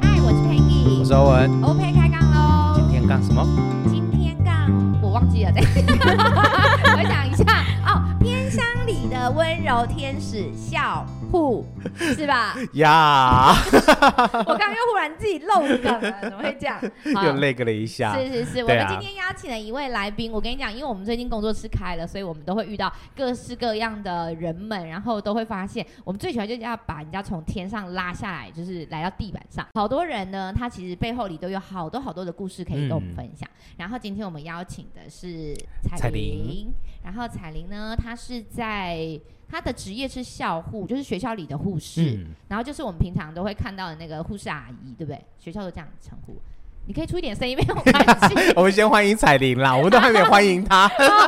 嗨，Hi, 我是 Penny 我是歐文，OK 開槓嘍。今天幹什麼？今天幹我忘記了，再 想一下 哦。偏鄉裡的溫柔天使笑。是吧？呀！Yeah. 我剛剛又忽然自己漏梗了， 怎麼會這樣？又那個了一下。是是是，啊、我們今天邀請了一位來賓，我跟你講，因為我們最近工作室開了，所以我們都會遇到各式各樣的人們，然後都會發現，我們最喜歡就是要把人家從天上拉下來，就是來到地板上。好多人呢，他其實背後裡都有好多好多的故事可以跟我們分享。嗯、然後今天我們邀請的是采玲，采玲然後采玲呢，她是在。他的職業是校護，就是學校裡的護士，嗯、然後就是我們平常都會看到的那個護士阿姨，對不對？學校都這樣稱呼。你可以出一點聲音，沒有關係， 我們先歡迎采玲啦，我們都還沒歡迎她。Hello，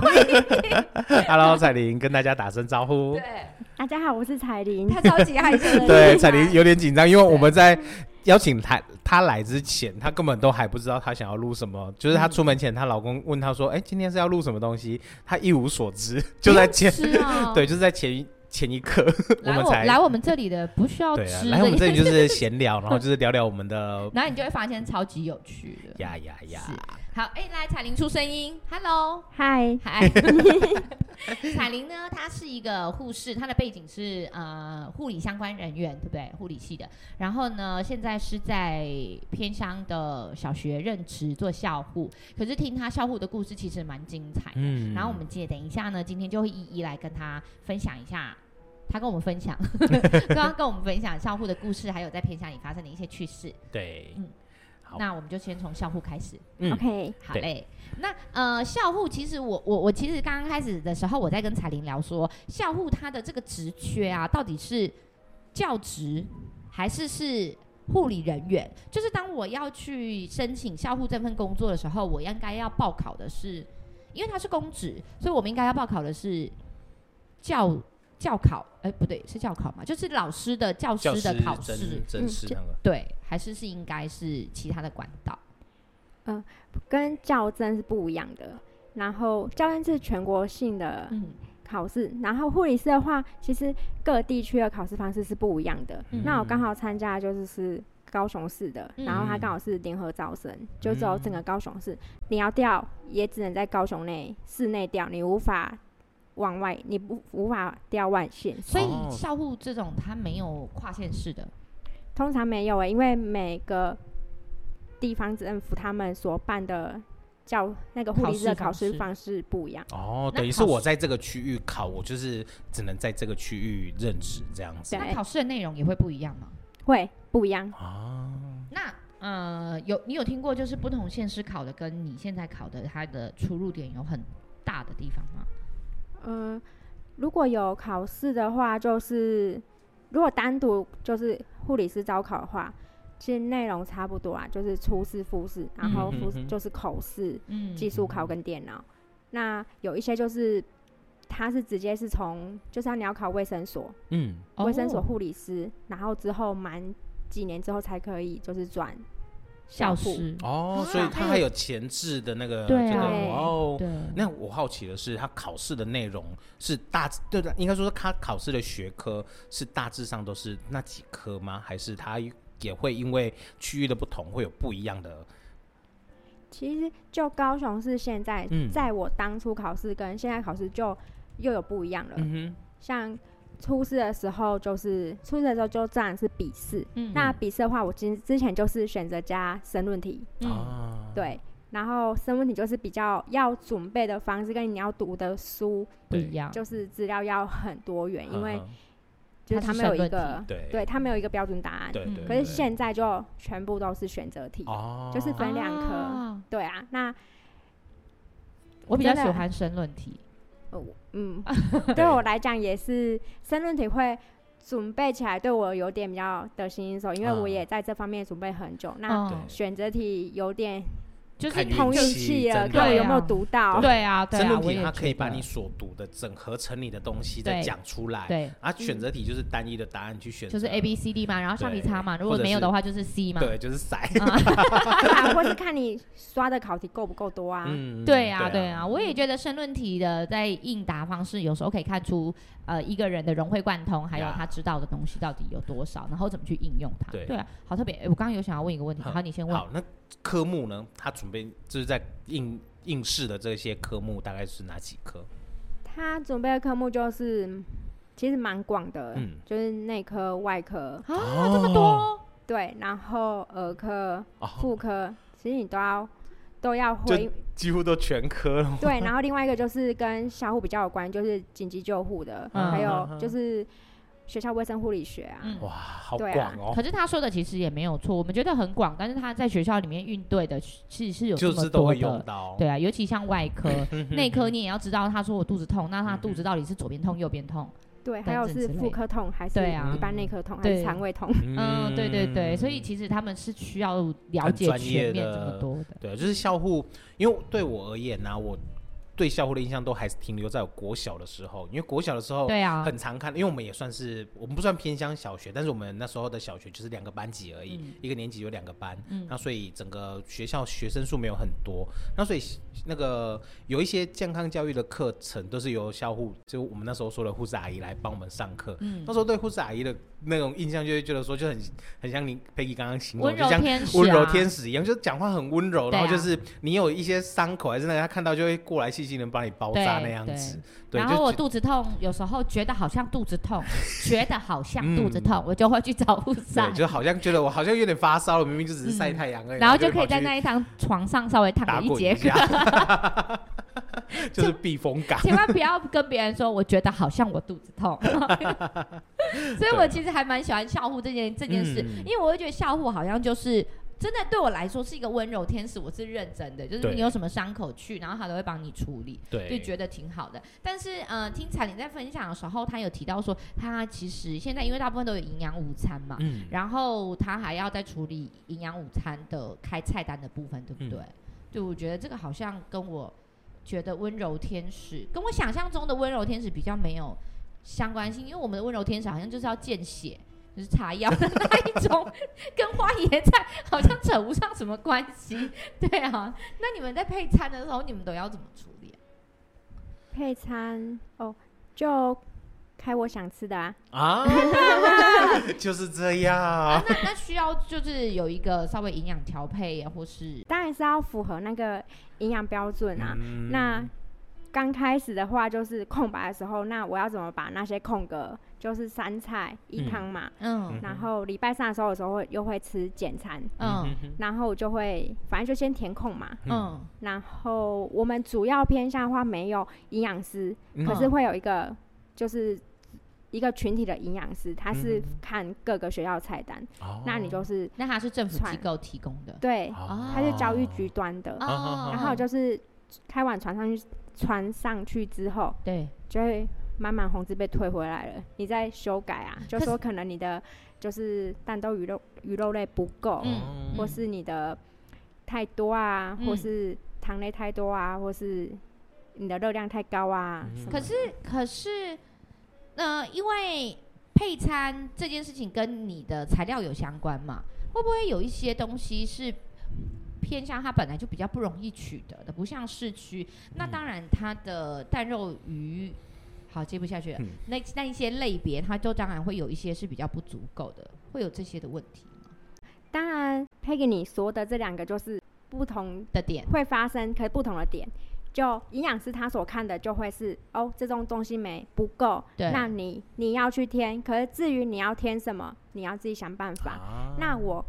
歡迎。Hello，采玲， 跟大家打聲招呼。對 大家好，我是采玲。他超級害羞了。對，采玲有點緊張，因為我們在對。 邀請他，他來之前，他根本都還不知道他想要錄什麼。就是他出門前，嗯、他老公問他說：“哎、欸，今天是要錄什麼東西？”他一無所知，就在前，啊、 對，就是在前一前一刻，我， 我們才來我們這裡的不需要吃，啊。來我們這裡就是閒聊， 然後就是聊聊我們的， 然後你就會發現超級有趣的呀呀呀！Yeah, yeah, yeah 是好，哎、欸，來采玲出聲音，Hello，Hi，Hi。采玲呢，她是一個護士，她的背景是呃護理相關人員，對不對？護理系的。然後呢，現在是在偏鄉的小學任職做校護，可是聽她校護的故事其實蠻精彩的。嗯、然後我們接，等一下呢，今天就會一一來跟她分享一下，她跟我們分享，剛剛 跟，跟我們分享校護的故事，還有在偏鄉裡發生的一些趣事。對，嗯。那我們就先從校護開始、嗯。OK，好嘞。對那呃，校護其實我我我其實剛剛開始的時候，我在跟采玲聊說，校護他的這個職缺啊，到底是教職還是是護理人員？就是當我要去申請校護這份工作的時候，我應該要報考的是，因為他是公職，所以我們應該要報考的是教。教考，哎、欸，不對，是教考嘛？就是老師的教師的考試，那個嗯，對，還是是應該是其他的管道？嗯、呃，跟教真是不一樣的。然後教真是全國性的考試，嗯、然後護理師的話，其實各地區的考試方式是不一樣的。嗯、那我剛好參加就是是高雄市的，嗯、然後他剛好是聯合招生，嗯、就走整個高雄市，嗯、你要調也只能在高雄內市內調，你無法。往外你不無法調外縣。所以校護這種它沒有跨縣市的、哦，通常沒有誒、欸，因為每個地方政府他們所辦的叫那個護理師的考試方式不一樣。哦，等於是我在這個區域考，我就是只能在這個區域任職這樣子。對那考試的內容也會不一樣嗎？會不一樣啊。那呃，有你有聽過就是不同縣市考的跟你現在考的它的出入點有很大的地方嗎？嗯、呃，如果有考試的話，就是如果單獨就是護理師招考的話，其實內容差不多啊，就是初試、複試、然後複、嗯、就是口試、嗯、哼技術考跟電腦。嗯、哼那有一些就是，它是直接是從，就是要你要考衛生所，嗯，衛生所護理師，哦、然後之後滿幾年之後才可以，就是轉。小時哦，啊、所以他還有前置的那個對，哦，那我好奇的是，他考試的內容是大致對的，應該說是他考試的學科是大致上都是那幾科嗎？還是他也會因為區域的不同會有不一樣的？其實就高雄市現在，在我當初考試跟現在考試就又有不一樣了，嗯、哼像。初試的時候就是初試的時候就這樣是筆試，那筆試的話，我今之前就是選擇加申論題，哦，對，然後申論題就是比較要準備的方式跟你要讀的書不一樣，就是資料要很多元，因為就是它沒有一個對，它沒有一個標準答案，對對對，可是現在就全部都是選擇題，就是分兩科，對啊，那我比較喜歡申論題。呃嗯， 對我來講也是，申論題會準備起來對我有點比較得心應手，因為我也在這方面準備很久。嗯、那選擇題有點。就是通氣啊，對，有沒有讀到，對啊，對啊。兩題他可以把你所讀的整合成你的東西再講出來，對，啊，選擇題就是單一的答案去選擇。就是 A B C D 嘛？然後橡皮擦嘛，如果沒有的話就是 C 嘛。對，就是塞，或是看你刷的考題夠不夠多啊？嗯，對啊，對啊，我也覺得申論題的在應答方式有時候可以看出呃一個人的融會貫通，還有他知道的東西到底有多少，然後怎麼去應用它。對啊，好特別，欸，我剛剛有想要問一個問題，好，你先問。好，那科目呢？它主準備就是在應應試的這些科目大概是哪幾科？他準備的科目就是其實蠻廣的，嗯，就是內科、外科、哦、啊這麼多，對，然後兒科、婦科，哦、其實你都要都要會，幾乎都全科了。對，然後另外一個就是跟救護比較有關，就是緊急救護的，嗯、還有就是。嗯嗯學校衛生護理學啊，哇，好廣哦！可是他說的其實也沒有錯，我們覺得很廣，但是他在學校裡面應對的其實是有這麼多用到。對啊，尤其像外科、內科，你也要知道，他說我肚子痛，那他肚子到底是左邊痛、右邊痛，對，還有是婦科痛還是對啊，一般內科痛還是腸胃痛？嗯，對對對，所以其實他們是需要了解全面這麼多的，對，就是校護，因為對我而言呢，我。對校護的印象都還是停留在我國小的時候，因為國小的時候很常看，啊、因為我們也算是我們不算偏鄉小學，但是我們那時候的小學就是兩個班級而已，嗯、一個年級有兩個班，嗯、那所以整個學校學生數沒有很多，那所以那個有一些健康教育的課程都是由校護，就我們那時候說的護士阿姨來幫我們上課。嗯，那時候對護士阿姨的那種印象就會覺得說就很很像你 Peggy 剛剛形容、啊、就像溫柔天使一樣，就是講話很溫柔，啊、然後就是你有一些傷口還是那，他看到就會過來去。技能幫你包紮那樣子，然後我肚子痛，有時候覺得好像肚子痛，覺得好像肚子痛，我就會去找護士。對，就好像覺得我好像有點發燒了，明明就只是曬太陽而已。然後就可以在那一張床上稍微躺一節課，就是避風港。千萬不要跟別人說，我覺得好像我肚子痛。所以，我其實還蠻喜歡校護這件這件事，因為我會覺得校護好像就是。真的對我來說是一個溫柔天使，我是認真的，就是你有什麼傷口去，對然後他都會幫你處理，對就覺得挺好的。但是，呃，聽采玲在分享的時候，他有提到說，他其實現在因為大部分都有營養午餐嘛，嗯、然後他還要再處理營養午餐的開菜單的部分，對不對？嗯、對，我覺得這個好像跟我覺得溫柔天使，跟我想象中的溫柔天使比較沒有相關性，因為我們的溫柔天使好像就是要見血。就是茶藥的那一種，跟花椰菜好像扯不上什麼關係，對啊。那你們在配餐的時候，你們都要怎麼處理？啊、配餐哦，就開我想吃的啊。啊， 就是這樣，啊、那那需要就是有一個稍微營養調配或是當然是要符合那個營養標準啊。嗯、那剛開始的話就是空白的時候，那我要怎麼把那些空格？就是三菜一湯嘛，然後禮拜三的時候，有時候會又會吃簡餐，然後就會反正就先填空嘛，然後我們主要偏鄉的話沒有營養師，可是會有一個就是一個群體的營養師，他是看各個學校菜單，那你就是那他是政府機構提供的，對，他是教育局端的，然後就是開完傳上去，傳上去之後，對，就會。滿滿紅字被退回來了，你再修改啊？就說可能你的就是蛋豆、魚肉魚肉類不夠，嗯、或是你的太多啊，嗯、或是糖類太多啊，嗯、或是你的熱量太高啊。麼可是可是，呃，因為配餐這件事情跟你的材料有相關嘛？會不會有一些東西是偏向它本來就比較不容易取得的？不像市區，那當然它的蛋肉魚。嗯好，接不下去了。嗯、那那一些類別，它就當然會有一些是比較不足夠的，會有這些的問題。當然，Peggy 你說的這兩個就是不同的點會發生，可是不同的點，就營養師他所看的就會是哦，這種東西沒不夠，對那你你要去添。可是至於你要添什麼，你要自己想辦法。啊、那我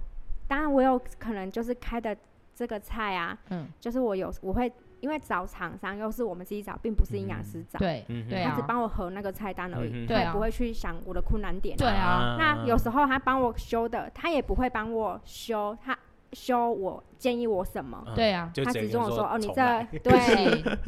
當然我有可能就是開的這個菜啊，嗯，就是我有我會。因為找廠商又是我們自己找，並不是營養師找。嗯、對、對，他只幫我核那個菜單而已，對也、嗯、哼不會去想我的困難點、啊。對啊，那有時候他幫我修的，他也不會幫我修，他修我建議我什麼？對啊，他只跟我說哦，你這來對，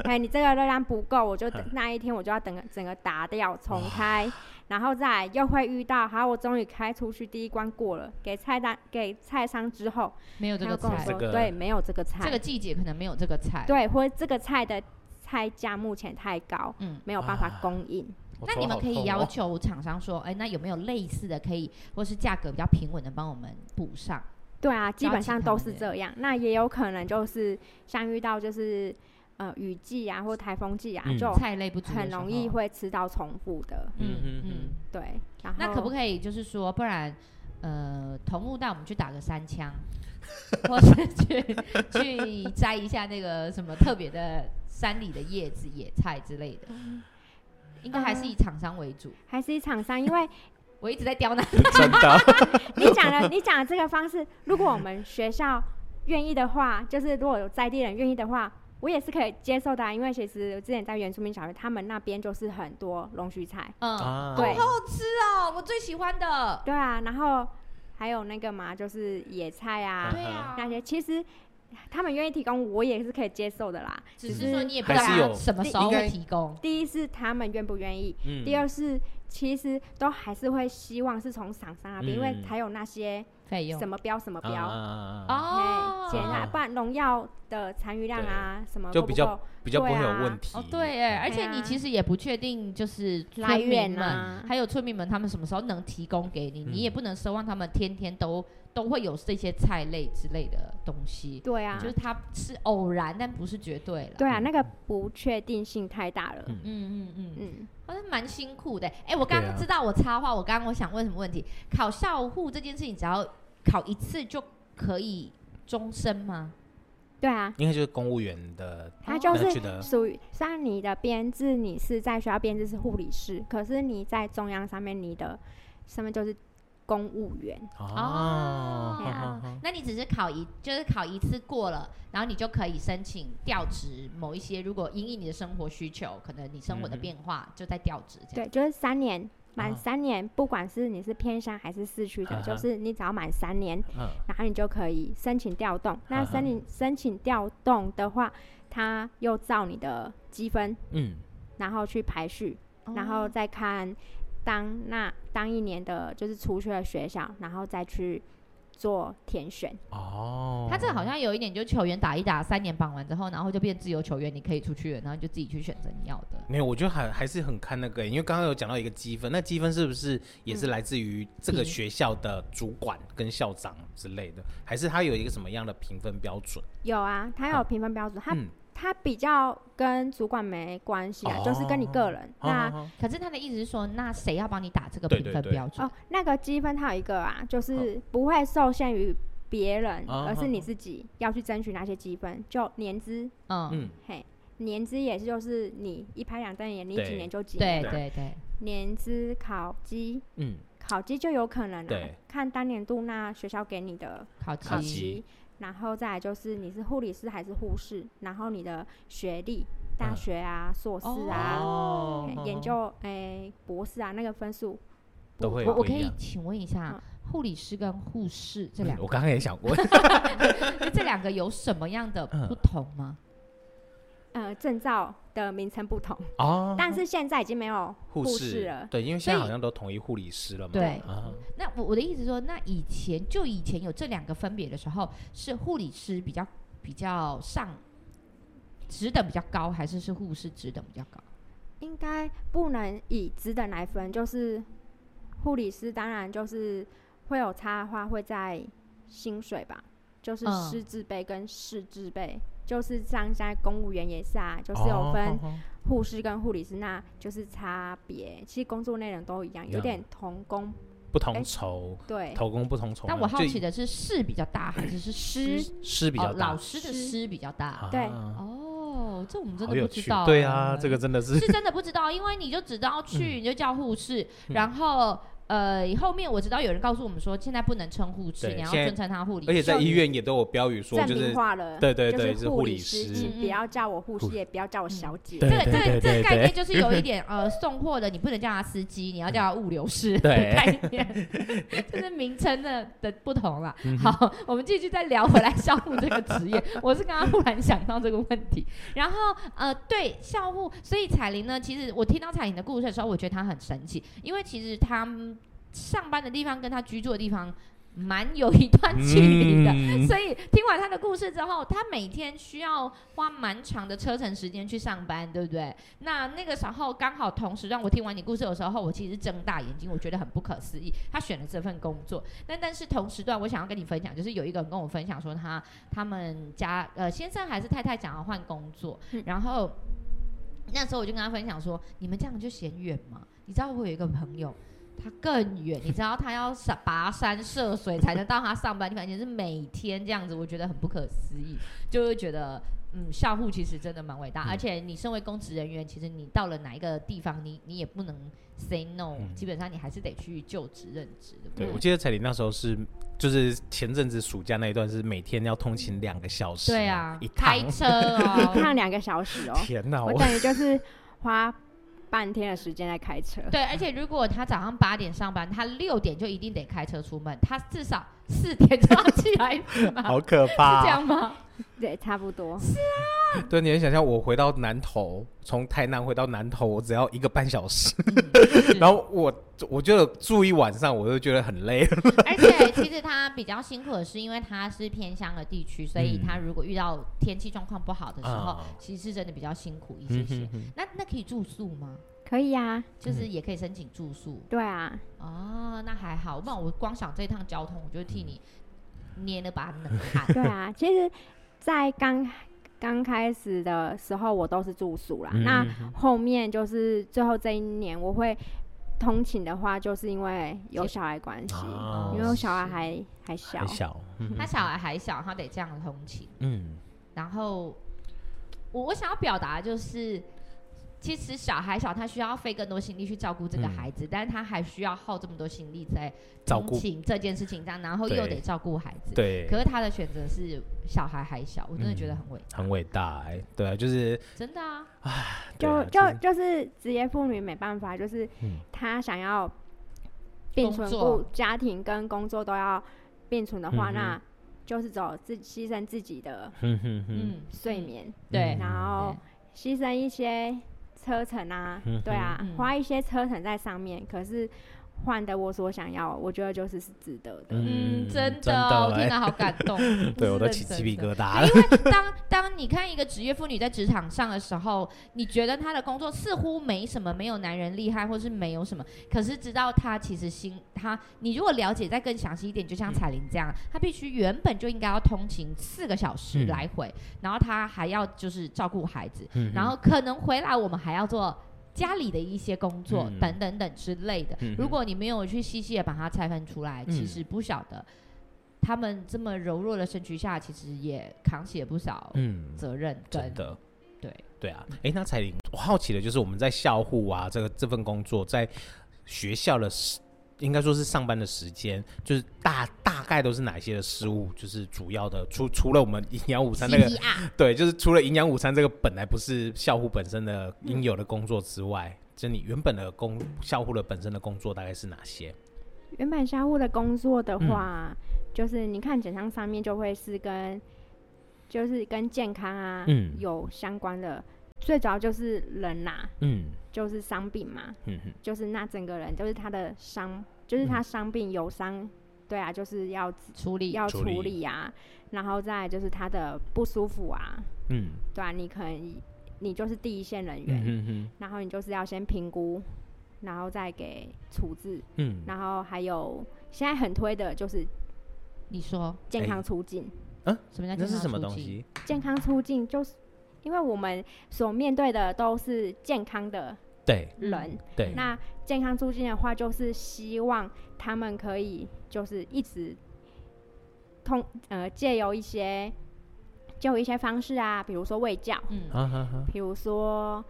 哎， 你這個熱量不夠，我就等那一天我就要等個整個打掉重開。然後再又會遇到，好，我終於開出去，第一關過了。給菜單給菜商之後，沒有這個菜，這個、對，沒有這個菜，這個季節可能沒有這個菜，對，或者這個菜的菜價目前太高，嗯，沒有辦法供應。啊、那你們可以要求廠商說，說哦、哎，那有沒有類似的可以，或是價格比較平穩的，幫我們補上？對啊，基本上都是這樣。對那也有可能就是像遇到就是。呃，雨季啊，或颱風季啊，就菜類很容易會吃到重複的。嗯嗯嗯，對。那可不可以就是說，不然呃，桐木帶我們去打個山槍，或是去去摘一下那個什麼特別的山裡的葉子、野菜之類的？應該還是以廠商為主，還是以廠商？因為我一直在刁難。真你講的你講的這個方式，如果我們學校願意的話，就是如果有在地人願意的話。我也是可以接受的。啊，因為其實我之前在原住民小學，他們那邊就是很多龍鬚菜，嗯，啊、對好好吃哦，我最喜歡的。對啊，然後還有那個嘛，就是野菜啊，嗯、那些，對啊，其實他們願意提供，我也是可以接受的啦。只是說你也不知道什麼時候會提供。嗯、第，第一是他們願不願意，第二是。其實都還是會希望是從廠商那邊，因為才有那些費用什麼標什麼標，哦，檢查，不然農藥的殘餘量啊什麼都比較比較不會有問題。對，而且你其實也不確定，就是來源啊，還有村民們他們什麼時候能提供給你，你也不能奢望他們天天都都會有這些菜類之類的東西。對啊，就是它是偶然，但不是絕對了。對啊，那個不確定性太大了。嗯嗯嗯嗯。還、哦、蠻辛苦的。哎，我剛剛知道，我插話，啊、我剛剛我想問什麼問題？考校護這件事情，只要考一次就可以終身嗎？對啊，應該就是公務員的，他就是屬於像、哦、你的編制，你是在學校編制是護理師，嗯、可是你在中央上面，你的上面就是。公務員哦，那你只是考一，就是考一次過了，然後你就可以申請調職某一些。如果因應你的生活需求，可能你生活的變化就在調職這樣。對，就是三年滿三年，不管是你是偏鄉還是市區的，就是你只要滿三年，然後你就可以申請調動。那申請申請調動的話，他又照你的積分，嗯，然後去排序，然後再看。當那當一年的，就是出去了學校，然後再去做填選。哦，他這個好像有一點，就球員打一打三年綁完之後，然後就變自由球員，你可以出去了，然後就自己去選擇你要的。沒有、嗯，我覺得還還是很看那個，因為剛剛有講到一個積分，那積分是不是也是來自於這個學校的主管跟校長之類的，評還是他有一個什麼樣的評分標準？有啊，他有評分標準，哦、他、嗯。他比較跟主管沒關係啊，就是跟你個人。那可是他的意思是說，那誰要幫你打這個評分標準？哦，那個積分它有一個啊，就是不會受限於別人，而是你自己要去爭取那些積分。就年資，嗯，嘿，年資也是，就是你一拍兩瞪眼，你幾年就幾年。對對對，年資考績，嗯，考績就有可能，對，看當年度那學校給你的考績。然後再來就是你是護理師還是護士，然後你的學歷，大學啊、嗯、碩士啊、研究、哦、誒、博士啊，那個分數都會。我我可以請問一下、嗯、護理師跟護士這兩個、嗯，我剛剛也想過， 這兩個有什麼樣的不同嗎？嗯呃，證照的名稱不同哦，但是現在已經沒有護士了士，對，因為現在好像都統一護理師了嘛。對，嗯、那我我的意思說，那以前就以前有這兩個分別的時候，是護理師比較比較上職等比較高，還是是護士職等比較高？應該不能以職等來分，就是護理師當然就是會有差的話，會在薪水吧，就是師字輩跟士字輩。嗯就是像現在公務員也是啊，就是有分護士跟護理師，那就是差別。其實工作內容都一樣，有點同工不同酬。對，同工不同酬。但我好奇的是，士比較大還是是師，師比較大？老師的師比較大。對，哦，這我們真的不知道。對啊，這個真的是是真的不知道，因為你就只知道去，你就叫護士，然後。呃，後面我知道有人告訴我們說，現在不能稱護士，你要尊稱他護理師，師。而且在醫院也都有標語說，就是化了對對對，就是護理師，嗯嗯，不要叫我護士，也不要叫我小姐。護嗯、這個這個這個概念就是有一點 呃，送貨的你不能叫他司機，你要叫他物流師。的概念對 就是名稱的的不同了。好，我們繼續再聊回來，校護這個職業，我是剛剛忽然想到這個問題。然後呃，對校護，所以采玲呢，其實我聽到采玲的故事的時候，我覺得她很神奇，因為其實她。上班的地方跟他居住的地方，蠻有一段距離的。嗯、所以聽完他的故事之後，他每天需要花蠻長的車程時間去上班，對不對？那那個時候剛好同時段，我聽完你故事的時候，我其實睜大眼睛，我覺得很不可思議。他選了這份工作，但但是同時段，我想要跟你分享，就是有一個人跟我分享說他，他他們家呃先生還是太太想要換工作，嗯、然後那時候我就跟他分享說，你們這樣就嫌遠嘛？你知道我有一個朋友。他更遠，你知道他要山跋山涉水， 才能到他上班。你反正是每天這樣子，我覺得很不可思議，就會覺得嗯，校護其實真的蠻偉大。嗯、而且你身為公職人員，其實你到了哪一個地方，你你也不能 say no，嗯、基本上你還是得去就職任職的。嗯、然對，我記得采玲那時候是，就是前陣子暑假那一段是每天要通勤兩個小時。啊，對啊，趟開車。哦，一趟兩個小時哦，天吶，我感覺就是花。 半天的時間在開車。對，而且如果他早上八點上班，他六點就一定得開車出門，他至少。四點才起來嗎？ 好可怕，是這樣嗎？對，差不多。是啊，對，你能想象我回到南投，從台南回到南投，我只要一個半小時，嗯、 然後我我覺得住一晚上，我就覺得很累。而且其實他比較辛苦的是，因為他是偏鄉的地區，嗯、所以他如果遇到天氣狀況不好的時候，嗯、其實是真的比較辛苦一些些。嗯、哼哼，那那可以住宿嗎？可以呀、啊，就是也可以申請住宿。嗯、對啊，哦，那還好，不然我光想這趟交通，我就替你捏了把冷汗。 對啊，其實在，在剛剛開始的時候，我都是住宿啦。嗯、哼那後面就是最後這一年，我會通勤的話，就是因為有小孩關係，哦、因為我小孩還是還小，還小，嗯、他小孩還小，他得這樣通勤。嗯，然後我我想要表達就是。其實小孩小，他需要費更多心力去照顧這個孩子，嗯、但是他還需要耗這麼多心力在照顧這件事情，這樣然後又得照顧孩子。對。對，可是他的選擇是小孩還小，我真的覺得很偉大。嗯、很偉大、欸，哎，對、啊，就是真的啊，啊就就就是職業婦女沒辦法，就是他想要並存不，作家庭跟工作都要並存的話，嗯、哼那就是走自犧牲自己的睡眠，對、嗯，然後犧牲一些。車程啊，嗯、對啊，嗯、花一些車程在上面，嗯、可是。換的，我所想要，我覺得就是是值得的。嗯，真的哦，真的聽得好感動， 對，我都起雞皮疙瘩。 因為當當你看一個職業婦女在職場上的時候，你覺得她的工作似乎沒什麼，沒有男人厲害，或是沒有什麼。可是直到她其實心，她你如果了解再更詳細一點，就像采玲這樣，她、嗯、必須原本就應該要通勤四個小時來回，嗯、然後她還要就是照顧孩子，嗯嗯然後可能回來我們還要做。家裡的一些工作、嗯、等等等之類的，嗯、哼如果你沒有去細細的把它拆分出來，嗯、其實不曉得他們這麼柔弱的身軀下，其實也扛起了不少責任、嗯。真的，對對啊，哎、欸，那采玲，我好奇的就是我們在校護啊，這個這份工作在學校的。應該說是上班的時間，就是大大概都是哪一些的事務？就是主要的，除除了我們營養午餐那個，啊、對，就是除了營養午餐這個本來不是校護本身的應有的工作之外，嗯、就你原本的工校護的本身的工作大概是哪些？原本校護的工作的話，嗯、就是你看簡章上面就會是跟，就是跟健康啊，嗯，有相關的，最主要就是人吶、啊，嗯，就是傷病嘛，嗯哼，就是那整個人就是他的傷。就是他傷病有傷，對啊，就是要處理要處理啊，然後再就是他的不舒服啊，嗯，對啊，你可能你就是第一線人員，嗯哼，然後你就是要先評估，然後再給處置，嗯，然後還有現在很推的就是，你說健康促進，嗯，什麼叫健康促進？健康促進就是因為我們所面對的都是健康的對人，對那。健康促進的話，就是希望他們可以就是一直通呃借由一些就一些方式啊，比如說衛教，嗯，啊啊啊、比如說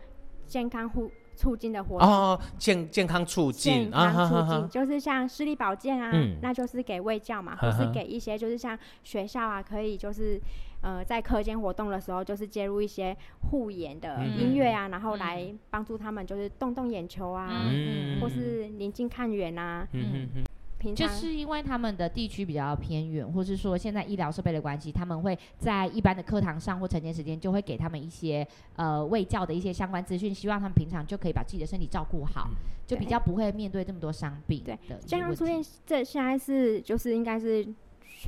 健康促促進的活動、哦、健健康促進，促進啊，促進就是像視力保健啊，嗯、那就是給衛教嘛，啊啊、或是給一些就是像學校啊，可以就是。呃，在課間活動的時候，就是接入一些護眼的音樂啊，嗯、然後來幫助他們，就是動動眼球啊，嗯、或是臨近看遠啊。嗯嗯嗯。平常 就是因為他們的地區比較偏遠，或是說現在醫療設備的關係，他們會在一般的課堂上或晨間時間，就會給他們一些呃衛教的一些相關資訊，希望他們平常就可以把自己的身體照顧好，就比較不會面對這麼多傷病對。對的。加出現這現在是就是應該是。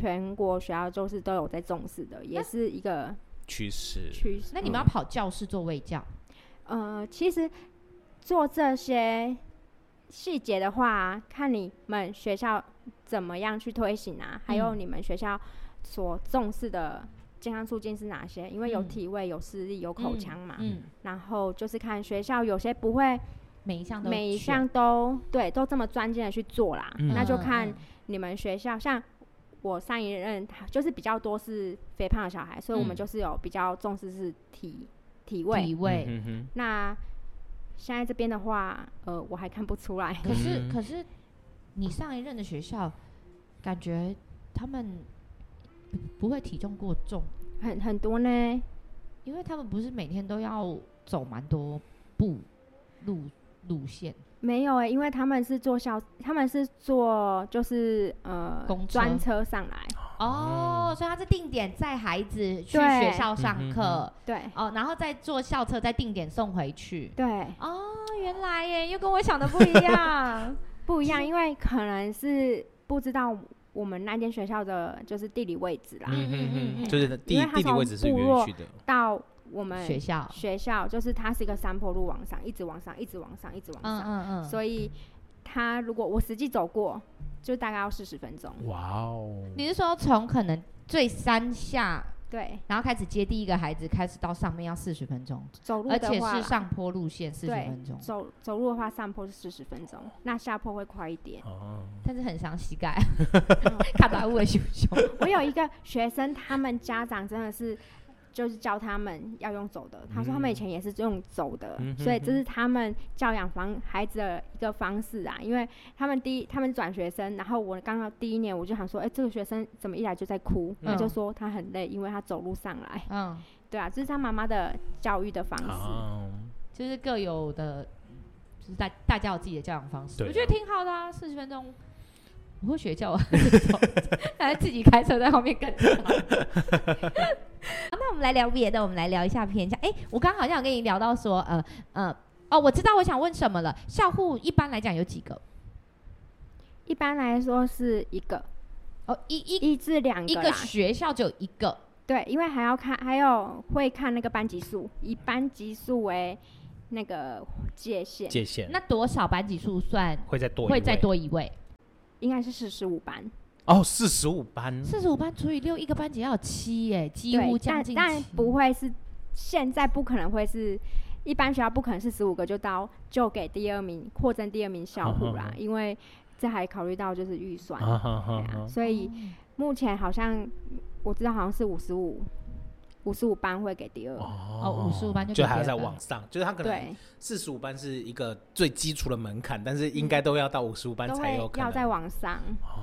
全國學校就是都有在重視的，也是一個趨勢。趨勢。那你們要跑教室做衛教？呃，其實做這些細節的話，看你們學校怎麼樣去推行啊。還有你們學校所重視的健康促進是哪些？因為有體位、有視力、有口腔嘛。然後就是看學校有些不會每一項都，每一項都，對，都這麼專精的去做啦。那就看你們學校像。我上一任就是比較多是肥胖的小孩，所以我們就是有比較重視是體、嗯、體位。體位、嗯哼，那現在這邊的話，呃，我還看不出來。可是 可是，你上一任的學校，感覺他們不，不會體重過重，很很多呢，因為他們不是每天都要走蠻多步路路線？沒有誒、欸，因為他們是坐校，他們是坐就是呃車專車上來哦，嗯、所以他是定點載孩子去學校上課，對哦，然後再坐校車再定點送回去，對哦，原來耶、欸，又跟我想的不一樣， 不一樣，因為可能是不知道我們那間學校的就是地理位置啦，嗯哼哼哼嗯嗯嗯，就是地，因為他從部落到。我們學校學校，學校就是它是一個山坡路往上，一直往上一直往上一直往上，嗯嗯嗯，所以他如果我實際走過，就大概要四十分鐘。哇哦！你是說從可能最山下對，然後開始接第一個孩子開始到上面要四十分鐘走路的話，而且是上坡路線四十分鐘。走走路的話上坡是四十分鐘，那下坡會快一點哦，啊、但是很傷膝蓋。卡到烏會受傷。我有一個學生，他們家長真的是。就是教他們要用走的。他說他們以前也是用走的，嗯、所以這是他們教養方孩子的一個方式啊。嗯、哼哼因為他們第一，他們轉學生，然後我剛剛第一年我就想說，哎、欸，這個學生怎麼一來就在哭？嗯、他就說他很累，因為他走路上來。嗯，對啊，這是他媽媽的教育的方式，嗯、就是各有的，就是大大家有自己的教養方式。啊、我覺得挺好的、啊，四十分鐘。我會學教啊， 還是自己開車在後面跟着。 我們來聊別的，我們來聊一下偏鄉。誒、欸，我剛剛好像有跟你聊到說，呃，呃，哦，我知道我想問什麼了。校護一般來講有幾個？一般來說是一個，哦，一一,一至兩個，一個學校就一個。對，因為還要看，還有會看那個班級數，以班級數為那個界限。界限？那多少班級數算會再多會再多一位？一位應該是四十五班。哦，四十五班，四十五班除以六，一個班級要有七耶，幾乎將近七。但但不會是，現在不可能會是一般學校不可能是四十五個就到就給第二名擴增第二名校護啦， 因為這還考慮到就是預算、 啊，所以目前好像我知道好像是五十五。五十五班會給第二哦，五十五班就還要在往上，就是他可能四十五班是一個最基礎的門檻，但是應該都要到五十五班才有可能。都要在往上。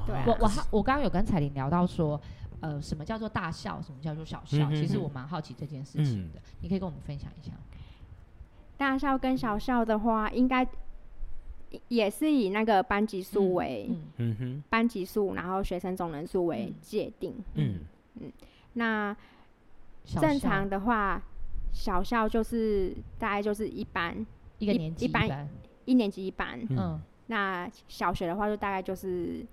對，我我我剛剛有跟采玲聊到說，呃，什麼叫做大校，什麼叫做小校？其實我蠻好奇這件事情的，你可以跟我們分享一下。大校跟小校的話，應該也是以那個班級數為，班級數，然後學生總人數為界定。嗯嗯，那。正常的話，小校就是大概就是一班一個年級一班一年級一班，嗯，那小學的話就大概就是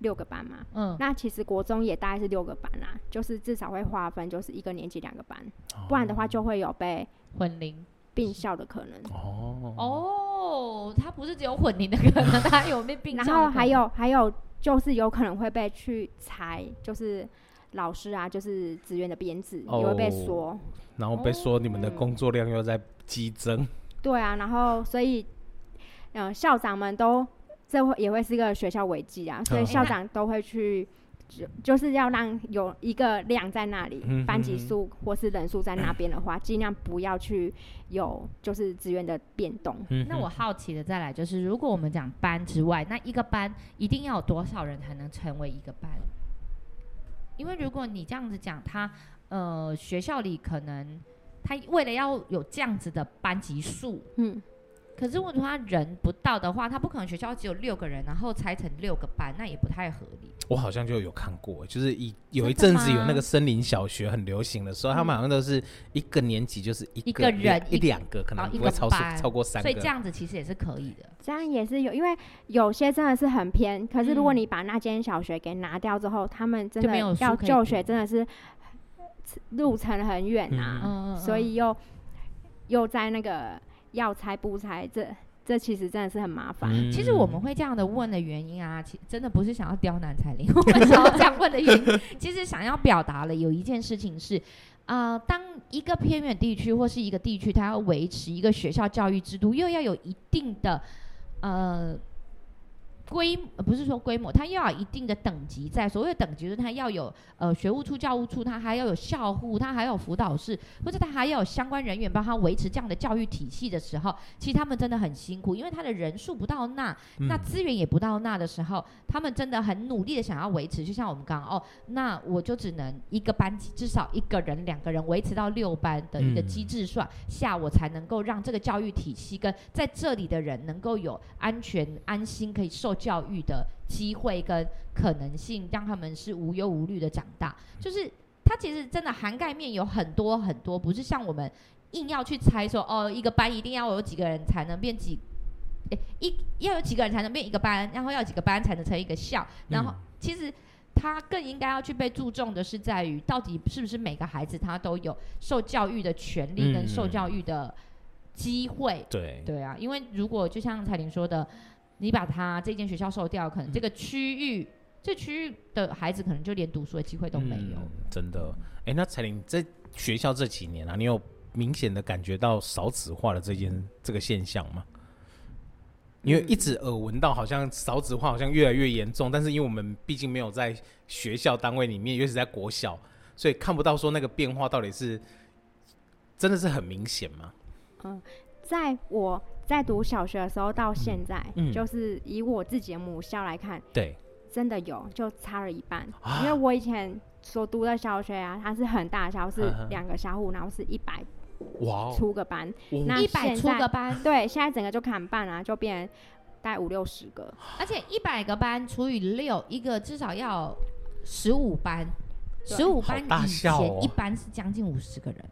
六個班嘛，嗯，那其實國中也大概是六個班啦、啊，就是至少會劃分就是一個年級兩個班，哦、不然的話就會有被混齡併校的可能。哦，它不是只有混齡的可能，它有被併校， 然後還有還有就是有可能會被去裁，就是。老師啊，就是職員的編制，oh, 也會被說，然後被說、oh, 你們的工作量又在激增。對啊，然後所以，嗯、呃，校長們都，這也會是一個學校危機啊，oh. 所以校長都會去，欸、就就是要讓有一個量在那裡，嗯、哼班級數或是人數在那邊的話，儘、嗯、哼量不要去有就是資源的變動。嗯、哼那我好奇的再來就是，如果我們講班之外，那一個班一定要有多少人才能成為一個班？因為如果你這樣子講，他，呃，學校裡可能他為了要有這樣子的班級數，嗯。可是，如果他人不到的話，他不可能學校只有六個人，然後拆成六個班，那也不太合理。我好像就有看過，就是一，有一陣子有那個森林小學很流行的時候，他們好像都是一個年級就是一個人，嗯、一兩個，個可能不會超超好超過三個，所以這樣子其實也是可以的。這樣也是有，因為有些真的是很偏。可是如果你把那間小學給拿掉之後，嗯、他們真的要就學真的是路程很遠吶、啊，嗯、所以又、嗯、又在那個。要拆不拆？這這其實真的是很麻煩。嗯、其實我們會這樣的問的原因啊，其真的不是想要刁難采玲，我們想要這樣問的原因， 其實想要表達了有一件事情是啊、呃，當一個偏遠地區或是一個地區，它要維持一個學校教育制度，又要有一定的呃。規不是說規模，它要有一定的等級在。所謂的等級，就是它要有呃學務處、教務處，它還要有校護，它還有輔導室，或者它還要有相關人員，幫他維持這樣的教育體系的時候，其實他們真的很辛苦，因為他的人數不到那，嗯、那資源也不到那的時候，他們真的很努力的想要維持。就像我們剛剛哦，那我就只能一個班級至少一個人、兩個人維持到六班的一個機制算、嗯、下，我才能夠讓這個教育體系跟在這裡的人能夠有安全、安心，可以受。教育的機會跟可能性，讓他們是無憂無慮的長大。就是它其實真的涵蓋面有很多很多，不是像我們硬要去猜說哦，一個班一定要有幾個人才能變幾，欸、一要有幾個人才能變一個班，然後要幾個班才能成一個校。嗯、然後其實他更應該要去被注重的是在於，到底是不是每個孩子他都有受教育的權利跟受教育的機會？嗯嗯對對啊，因為如果就像采玲說的。你把他這間學校收掉，可能這個區域、嗯、這區域的孩子可能就連讀書的機會都沒有。嗯、真的，哎，那采玲在學校這幾年啊，你有明顯的感覺到少子化的這件、嗯、這個現象嗎？因為一直耳聞到，好像少子化好像越來越嚴重，但是因為我們畢竟沒有在學校單位裡面，尤其是在國小，所以看不到說那個變化到底是真的是很明顯嗎？嗯、呃，在我。在讀小學的時候到現在，嗯，就是以我自己的母校來看，對，真的有就差了一半，因為我以前所讀的小學啊，它是很大小是兩個小戶，然後是一百哇出個班，一百出個班，對，現在整個就砍半啊，就變大概五六十個，而且一百個班除以六，一個至少要十五班，十五班以前一班是將近五十個人，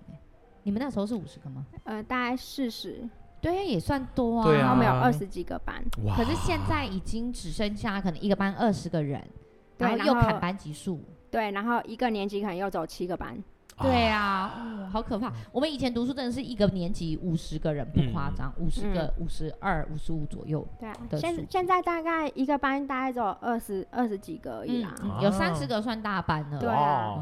你們那時候是五十個嗎？呃，大概四十。對，也算多啊，他們有二十幾個班，可是現在已經只剩下可能一個班二十個人，對，然後又砍班級數，對，然後一個年級可能又走七個班，對啊，好可怕。我們以前讀書真的是一個年級五十個人不誇張，五十個、五十二、五十五左右，對啊。現現在大概一個班大概只有二十二十幾個而已啦，有三十個算大班了。對啊，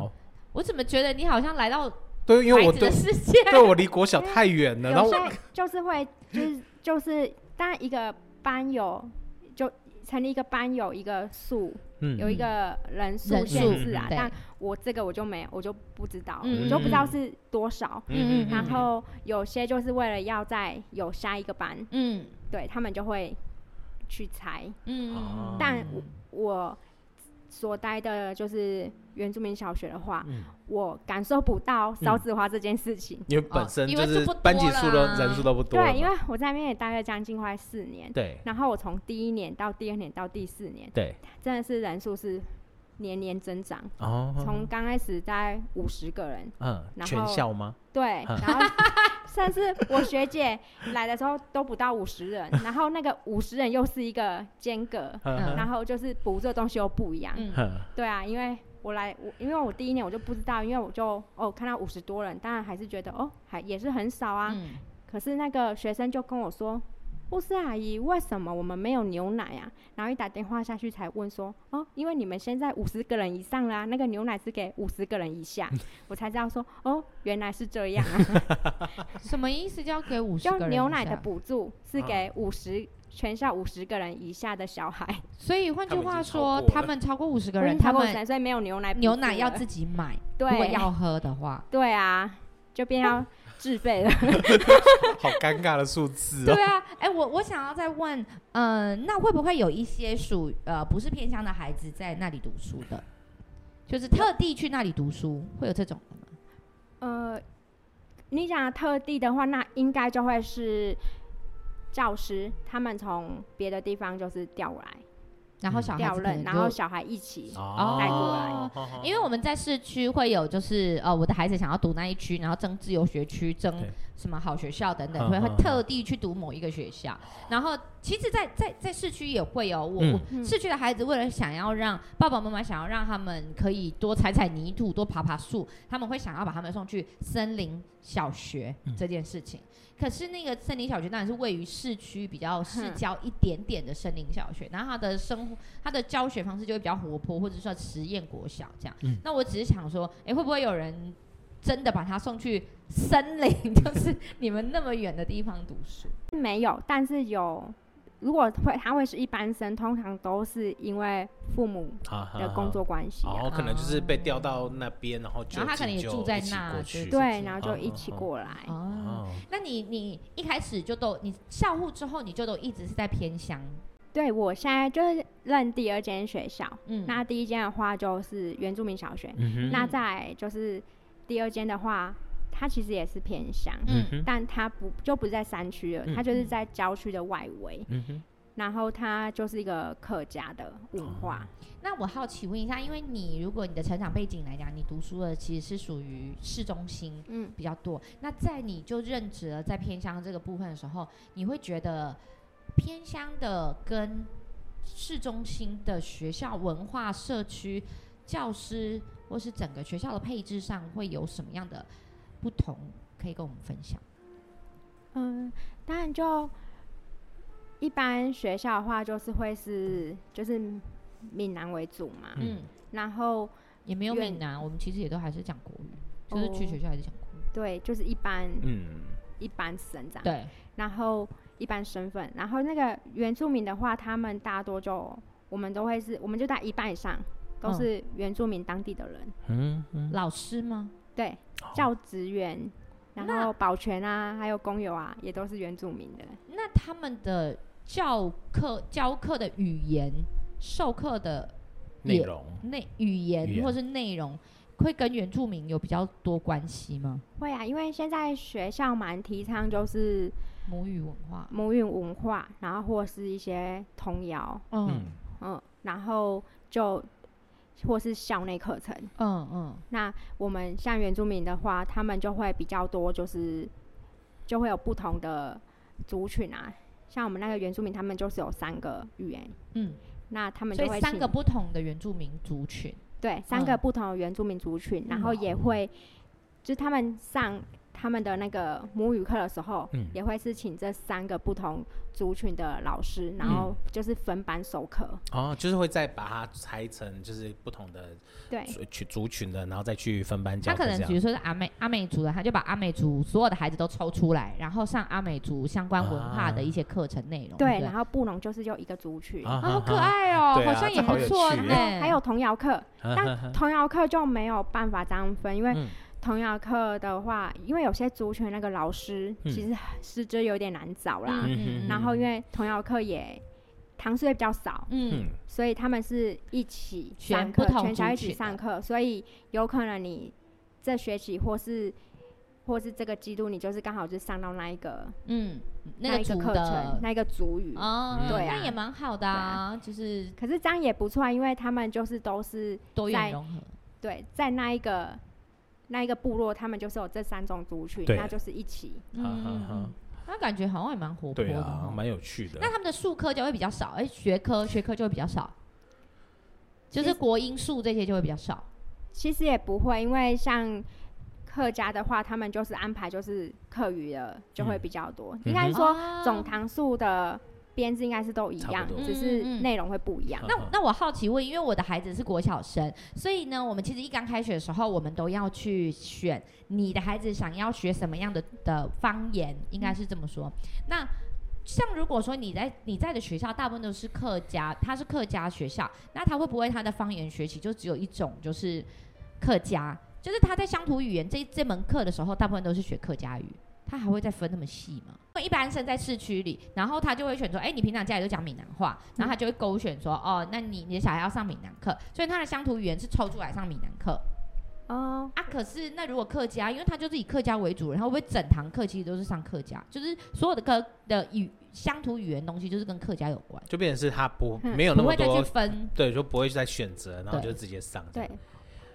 我怎麼覺得你好像來到？對，因為我對，對我離國小太遠了，然後就是會、就是 就是，就是就是，當一個班有，就成立一個班有一個數，嗯、有一個人數限制啊，但我這個我就沒有，我就不知道，我、嗯、就不知道是多少，嗯、然後有些就是為了要再有下一個班，嗯、對他們就會去猜，嗯、但我。我所待的就是原住民小學的話，嗯、我感受不到少子化這件事情，因為本身就是班級數都、啊、人數都不多。對，因為我在那邊也待了將近快四年。對。然後我從第一年到第二年到第四年，對，真的是人數是。年年增長，從剛、oh, 開始大概五十個人，嗯，然後全校嗎？對，嗯、然後甚至我學姐來的時候都不到五十人， 然後那個五十人又是一個間隔，嗯、然後就是補這東西又不一樣，嗯、對啊，因為我來我因為我第一年我就不知道，因為我就哦看到五十多人，當然還是覺得哦還也是很少啊，嗯、可是那個學生就跟我說。護士阿姨，為什麼我們沒有牛奶呀、啊？然後一打電話下去才問說，哦，因為你們現在五十個人以上啦、啊，那個牛奶是給五十個人以下， 我才知道說，哦，原來是這樣、啊。什麼意思？就要給五十？就牛奶的補助是給五十、啊、全校五十個人以下的小孩。所以換句話說，他們，他們超過五十個人，他們所以沒有牛奶，牛奶要自己買。對，要喝的話。對啊，就變要。嗯自費了，好尷尬的數字、喔。對啊，哎、欸，我我想要再問，嗯、呃，那會不會有一些屬呃不是偏鄉的孩子在那裡讀書的，就是特地去那裡讀書，嗯、會有這種的嗎？呃，你想特地的話，那應該就會是教師，他們從別的地方就是調來。然後小孩子，然後小孩一起帶過來，哦，因為我們在市區會有，就是呃、哦，我的孩子想要讀那一區，然後爭自由學區爭。什麼好學校等等，會會、啊、特地去讀某一個學校。啊、然後，其實在，在在在市區也會有、哦，我、嗯、市區的孩子為了想要讓、嗯、爸爸媽媽想要讓他們可以多踩踩泥土，多爬爬樹，他們會想要把他們送去森林小學、嗯、這件事情。可是，那個森林小學當然是位於市區比較市郊一點點的森林小學，嗯、然後他的生活他的教學方式就會比較活潑，或者說實驗國小這樣。嗯、那我只是想說，哎，會不會有人？真的把他送去森林， 就是你們那麼遠的地方讀書？ 沒有，但是有。如果會，他會是一般生，通常都是因為父母的工作關係，啊，然後好可能就是被調到那邊，嗯、然後就然後他可能也住在那就過去。就是對，然後就一起過來。哦，那你你一開始就都你校護之後，你就都一直是在偏鄉。對，我現在就是任第二間學校，嗯，那第一間的話就是原住民小學，嗯、哼那在就是。第二間的話，它其實也是偏鄉，嗯、哼但它不就不在山區了，它、嗯、哼就是在郊區的外圍。嗯、哼然後它就是一個客家的文化、哦。那我好奇問一下，因為你如果你的成長背景來講，你讀書的其實是屬於市中心，嗯，比較多。嗯、那在你就任職了在偏鄉這個部分的時候，你會覺得偏鄉的跟市中心的學校文化、社區教師、或是整個學校的配置上會有什麼樣的不同，可以跟我們分享？嗯，當然就一般學校的話，就是會是就是閩南為主嘛。嗯，然後也沒有閩南，原，我們其實也都還是講國語，哦，就是去學校還是講國語。對，就是一般，嗯，一般生長對，然後一般身份，然後那個原住民的話，他們大多就我們都會是，我們就在一半以上。都是原住民當地的人，嗯，嗯，老師嗎？對，教職員，oh. 然後保全啊，那還有工友啊，也都是原住民的。那他們的教課、教課的語言、授課的內容、內語言，語言或是內容，會跟原住民有比較多關係嗎？會啊，因為現在學校蠻提倡就是母語文化、母語文化，然後或是一些童謠，嗯嗯，嗯，然後就。或是校內課程。嗯嗯。嗯，那我們像原住民的話，他們就會比較多，就是就會有不同的族群啊。像我們那個原住民，他們就是有三個語言。嗯。那他們就會三個不同的原住民族群。對，三個不同的原住民族群，嗯、然後也會就他們上。他們的那個母語課的時候，嗯，也會是請這三個不同族群的老師，然後就是分班授課。哦，就是會再把它拆成就是不同的對，族群的，然後再去分班教。他可能比如說是阿美阿美族的，他就把阿美族所有的孩子都抽出來，然後上阿美族相關文化的一些課程內容。對，然後布農就是用一個族群。啊，好可愛哦，好像也不錯呢。還有童謠課，但童謠課就沒有辦法這樣分，因為。童謠課的話，因為有些族群那個老師、嗯、其實是就有點難找啦。嗯嗯然後，因為童謠課也堂數也比較少，嗯，所以他們是，一起上課，全校一起上課，所以有可能你這學期或是或是這個季度，你就是剛好就上到那一個，嗯，那一個課程，那一個族語哦，對、啊，那也蠻好的啊，對啊就是，可是這樣也不錯啊，因為他們就是都是在多元融合，對，在那一個。那一個部落，他們就是有這三種族群，對那就是一起，嗯，啊啊啊，他感覺好像也蠻活潑，對啊，蠻、哦、有趣的。那他們的術科就會比較少，哎、欸，學科學科就會比較少，就是國英數這些就會比較少其。其實也不會，因為像客家的話，他們就是安排就是課餘的就會比較多。嗯、應該說總堂數的編制應該是都一樣，只是內容會不一樣。嗯嗯、那那我好奇問，因為我的孩子是國小生，所以呢，我們其實一剛開學的時候，我們都要去選你的孩子想要學什麼樣的的方言，應該是這麼說。嗯、那像如果說你在你在的學校，大部分都是客家，他是客家學校，那他會不會他的方言學習就只有一種，就是客家？就是他在鄉土語言這這門課的時候，大部分都是學客家語。他還會再分那麼細嗎？一般人生在市區裡，然後他就會選擇。哎、欸，你平常家裡都講閩南話，然後他就會勾選說：哦，那你你的小孩要上閩南課，所以他的鄉土語言是抽出來上閩南課。哦啊，可是那如果客家，因為他就是以客家為主，然後會不會整堂課其實都是上客家，就是所有的課的語鄉土語言東西就是跟客家有關，就變成是他不沒有那麼多、嗯、不會再去分，對，就不會再選擇，然後就直接上。對，對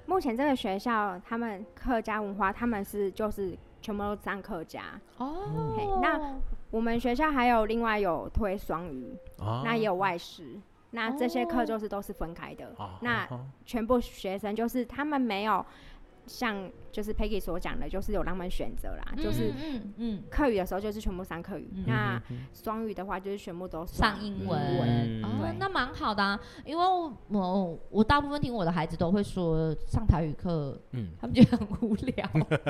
目前這個學校他們客家文化，他們是就是。全部都三客家哦，那我們學校還有另外有推雙語，oh. 那也有外師，那這些課就是都是分開的，oh. 那全部學生就是他們沒有像。就是 Peggy 所講的，就是有浪漫選擇啦。嗯嗯嗯嗯就是嗯嗯，客語的時候就是全部上客語，嗯嗯那雙語的話就是全部都英上英文。哦，那蠻好的、啊，因為我我，我，我大部分聽我的孩子都會說上台語課，嗯、他們覺得很無聊。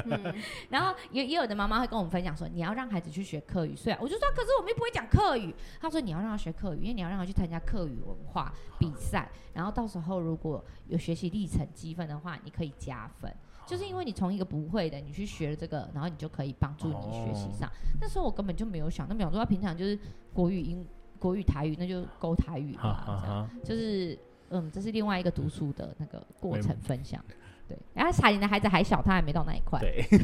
嗯嗯、然後也也有的媽媽會跟我們分享說，你要讓孩子去學客語，所以、啊、我就說、啊，可是我們又不會講客語。他說你要讓他學客語，因為你要讓他去參加客語文化比賽，然後到時候如果有學習歷程積分的話，你可以加分。就是因為你從一個不會的，你去學了這個，然後你就可以幫助你學習上。哦、那時候我根本就沒有想，那比如說他平常就是國語、英、國語、台語，那就勾台語了吧。這樣就是，嗯，這是另外一個讀書的那個過程分享。對，然後采玲的孩子還小，他還沒到那一塊。對，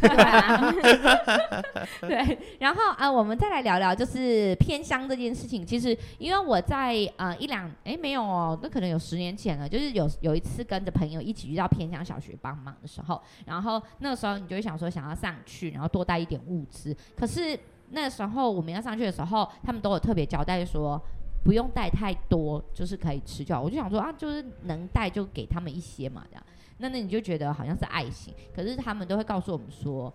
對，然後啊、呃，我們再來聊聊，就是偏鄉這件事情。其實，因為我在呃一兩誒，沒有哦，那可能有十年前了。就是有有一次跟着朋友一起去到偏鄉小學幫忙的時候，然後那個時候你就會想說想要上去，然後多帶一點物資。可是那時候我們要上去的時候，他們都有特別交代說不用帶太多，就是可以吃就好。我就想說啊，就是能帶就給他們一些嘛，這樣。那那你就覺得好像是愛心，可是他們都會告訴我們說，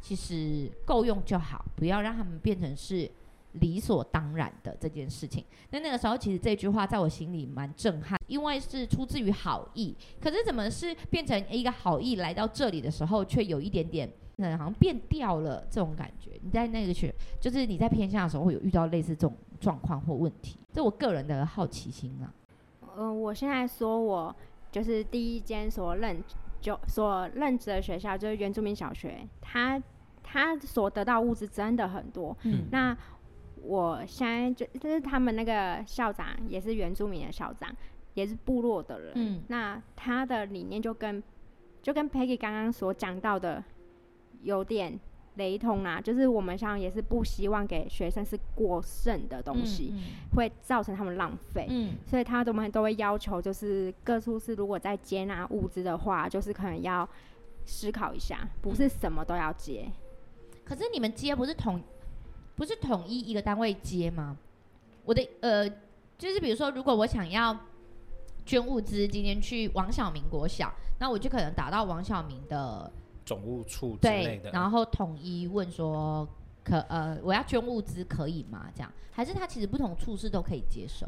其實夠用就好，不要讓他們變成是理所當然的這件事情。那那個時候，其實這句話在我心裡蠻震撼，因為是出自於好意，可是怎麼是變成一個好意來到這裡的時候，卻有一點點，嗯，好像變掉了這種感覺。你在那個群，就是你在偏鄉的時候，會有遇到類似這種狀況或問題？這我個人的好奇心啊。嗯、呃，我現在說我。就是第一間所任，就所任職的學校，就是原住民小學。他他所得到物資真的很多。嗯、那我現在就就是他們那個校長，也是原住民的校長，也是部落的人。嗯、那他的理念就跟就跟 Peggy 剛剛所講到的有點。雷同啦。啊，就是我們像也是不希望給學生是過剩的東西，嗯嗯、會造成他們浪費。嗯、所以他們都會要求，就是各處是如果在接納物資的話，就是可能要思考一下，不是什麼都要接。嗯、可是你們接不是統，不是統一一個單位接嗎？我的呃，就是比如說，如果我想要捐物資，今天去王小明國小，那我就可能打到王小明的。總務處之類的對，然後統一問說，可呃，我要捐物資，可以嗎？這樣，還是他其實不同處室都可以接受？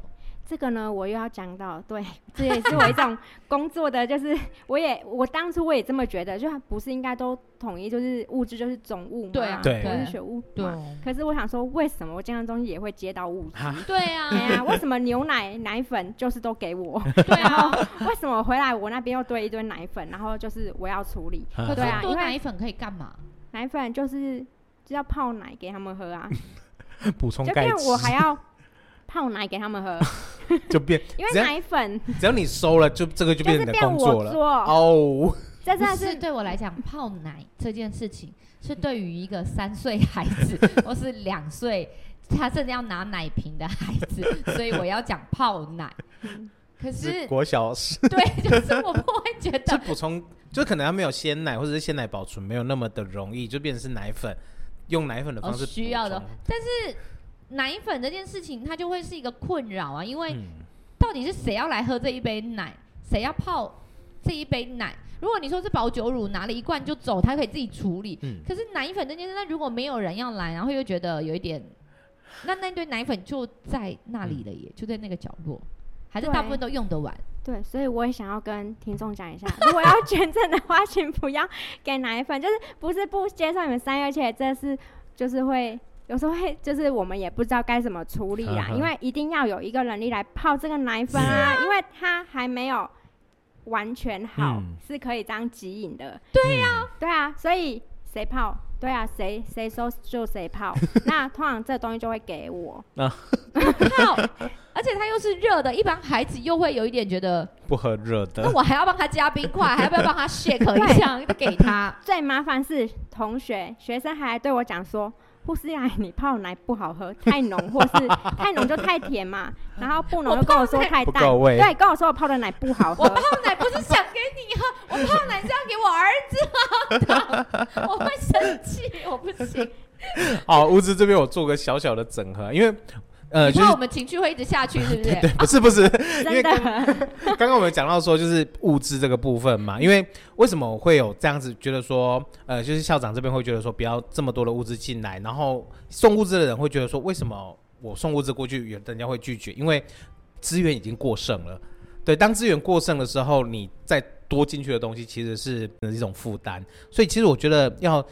這個呢，我又要講到，對，這也是我一種工作的，就是 我也我當初我也這麼覺得，就不是應該都統一，就是物資就是總務嘛，對啊，對就是學務嘛。對可是我想說，為什麼我健康中心也會接到物資？ 對啊，對啊，為什麼牛奶奶粉就是都給我？ 對啊，為什麼回來我那邊又堆一堆奶粉，然後就是我要處理？ 對啊，因多奶粉可以幹嘛？奶粉就是就要泡奶給他們喝啊，補 充鈣質……泡奶給他們喝， 就變， 因為奶粉只要，只要你收了，就這個就變成你的工作了。哦，但、oh. 是對我來講，泡奶這件事情是對於一個三歲孩子 或是兩歲，他甚至要拿奶瓶的孩子， 所以我要講泡奶。 可是，是國小是對，就是我不會覺得補 充，就可能他沒有鮮奶，或者是鮮奶保存沒有那麼的容易，就變成是奶粉，用奶粉的方式、哦、需要的，但是。奶粉這件事情，它就會是一個困擾啊，因為到底是誰要來喝這一杯奶，誰要泡這一杯奶？如果你說是保久乳拿了一罐就走，他可以自己處理。嗯。可是奶粉這件事，那如果沒有人要來，然後又覺得有一點，那那堆奶粉就在那裡了耶，也就在那個角落，還是大部分都用得完。對，對，所以我也想要跟聽眾講一下， 如果要捐贈的話，請不要給奶粉，就是不是不接受你們三月，而且這是就是會。有時候會就是我們也不知道該怎麼處理啦，因為一定要有一個能力來泡這個奶粉啊，因為它還沒有完全好，是可以當急飲的。對呀，對啊，所以誰泡？對啊，誰誰收就誰泡。那通常這東西就會給我，我泡，而且它又是熱的，一般孩子又會有一點覺得不喝熱的，那我還要幫他加冰塊，還要不要幫他卸可 a k e 給他？最麻煩是同學學生還對我講說。護士阿姨，你泡奶不好喝，太濃或是太濃就太甜嘛， 然後不濃又跟我說太淡，對，跟我說我泡的奶不好喝。 我泡奶不是想給你喝，我泡奶是要給我兒子喝 我會生氣，我不行。好，屋子這邊我做個小小的整合，因為。呃，然後我們情緒會一直下去是不是， 對不對？不是不是，啊、因為剛剛我們講到說，就是物資這個部分嘛。因為為什麼我會有這樣子覺得說，呃，就是校長這邊會覺得說，不要這麼多的物資進來，然後送物資的人會覺得說，為什麼我送物資過去，人家會拒絕？因為資源已經過剩了。對，當資源過剩的時候，你再多進去的東西，其實是是一種負擔。所以其實我覺得要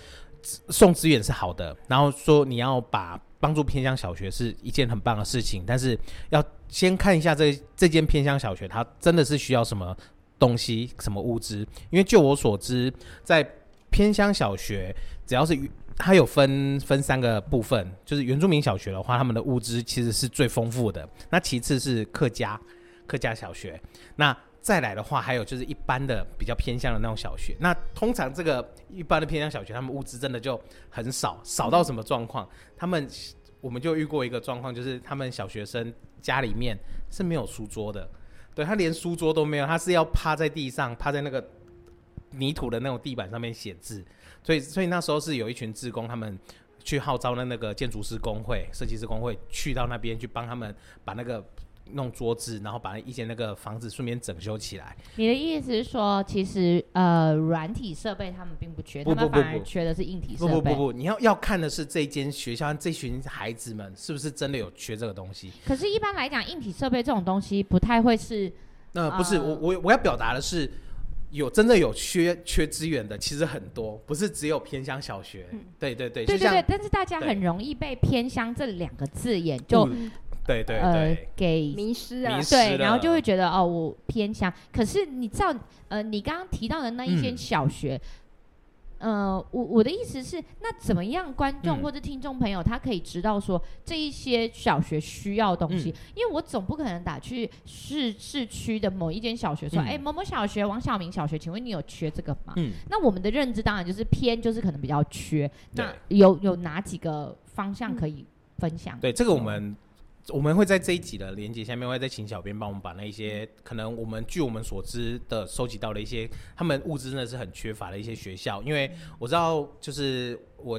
送資源是好的，然後說你要把。幫助偏鄉小學是一件很棒的事情，但是要先看一下這這間偏鄉小學，它真的是需要什麼東西、什麼物資？因為就我所知，在偏鄉小學，只要是它有分分三個部分，就是原住民小學的話，他們的物資其實是最豐富的。那其次是客家，客家小學，那。再來的話，還有就是一般的比較偏鄉的那種小學。那通常這個一般的偏鄉小學，他們物資真的就很少，少到什麼狀況？他們我們就遇過一個狀況，就是他們小學生家裡面是沒有書桌的，對他連書桌都沒有，他是要趴在地上，趴在那個泥土的那種地板上面寫字。所以，所以那時候是有一群志工，他們去號召那那個建築師工會、設計師工會去到那邊去幫他們把那個。弄桌子，然後把一間那個房子順便整修起來。你的意思是說，其實呃，軟體設備他們並不缺，不不不不，他們反而缺的是硬體設備。不不不，不，不，你要要看的是這間學校、這群孩子們是不是真的有缺這個東西。可是，一般來講，硬體設備這種東西不太會是。那、呃、不是，呃、我我我要表達的是，有真的有缺缺資源的，其實很多，不是只有偏鄉小學。嗯、對對對。對對對，但是大家很容易被“偏鄉”這兩個字眼就。嗯對對對、呃，給名師啊，失對，然後就會覺得哦，我偏向。可是你知道，呃，你剛剛提到的那一間小學，嗯、呃，我我的意思是，那怎麼樣，觀眾或者聽眾朋友，他可以知道說這一些小學需要東西？嗯、因為我總不可能打去市市區的某一間小學說，哎、嗯，欸、某某小學，王小明小學，請問你有缺這個嗎？嗯、那我們的認知當然就是偏，就是可能比較缺。那有、嗯、有、有哪幾個方向可以分享？嗯、對，這個我們。我們會在這一集的連接下面，會再請小編幫我們把那一些可能我們據我們所知的收集到的一些他們物資呢是很缺乏的一些學校，因為我知道就是我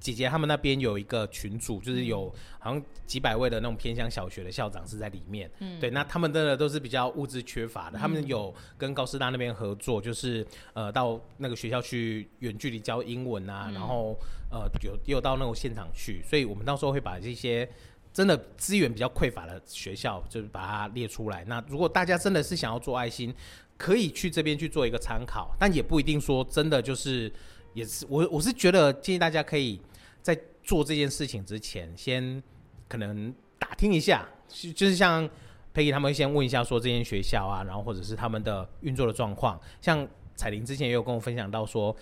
姐姐他們那邊有一個群組，就是有好像幾百位的那種偏鄉小學的校長是在裡面，嗯、對，那他們真的都是比較物資缺乏的，他們有跟高師大那邊合作，嗯、就是呃到那個學校去遠距離教英文啊，嗯、然後呃有有到那種現場去，所以我們到時候會把這些。真的資源比較匱乏的學校，就是把它列出來。那如果大家真的是想要做愛心，可以去這邊去做一個參考，但也不一定說真的就是，也是我，我是覺得建議大家可以在做這件事情之前，先可能打聽一下，就是像佩儀他們先問一下說這間學校啊，然後或者是他們的運作的狀況。像采玲之前也有跟我分享到說。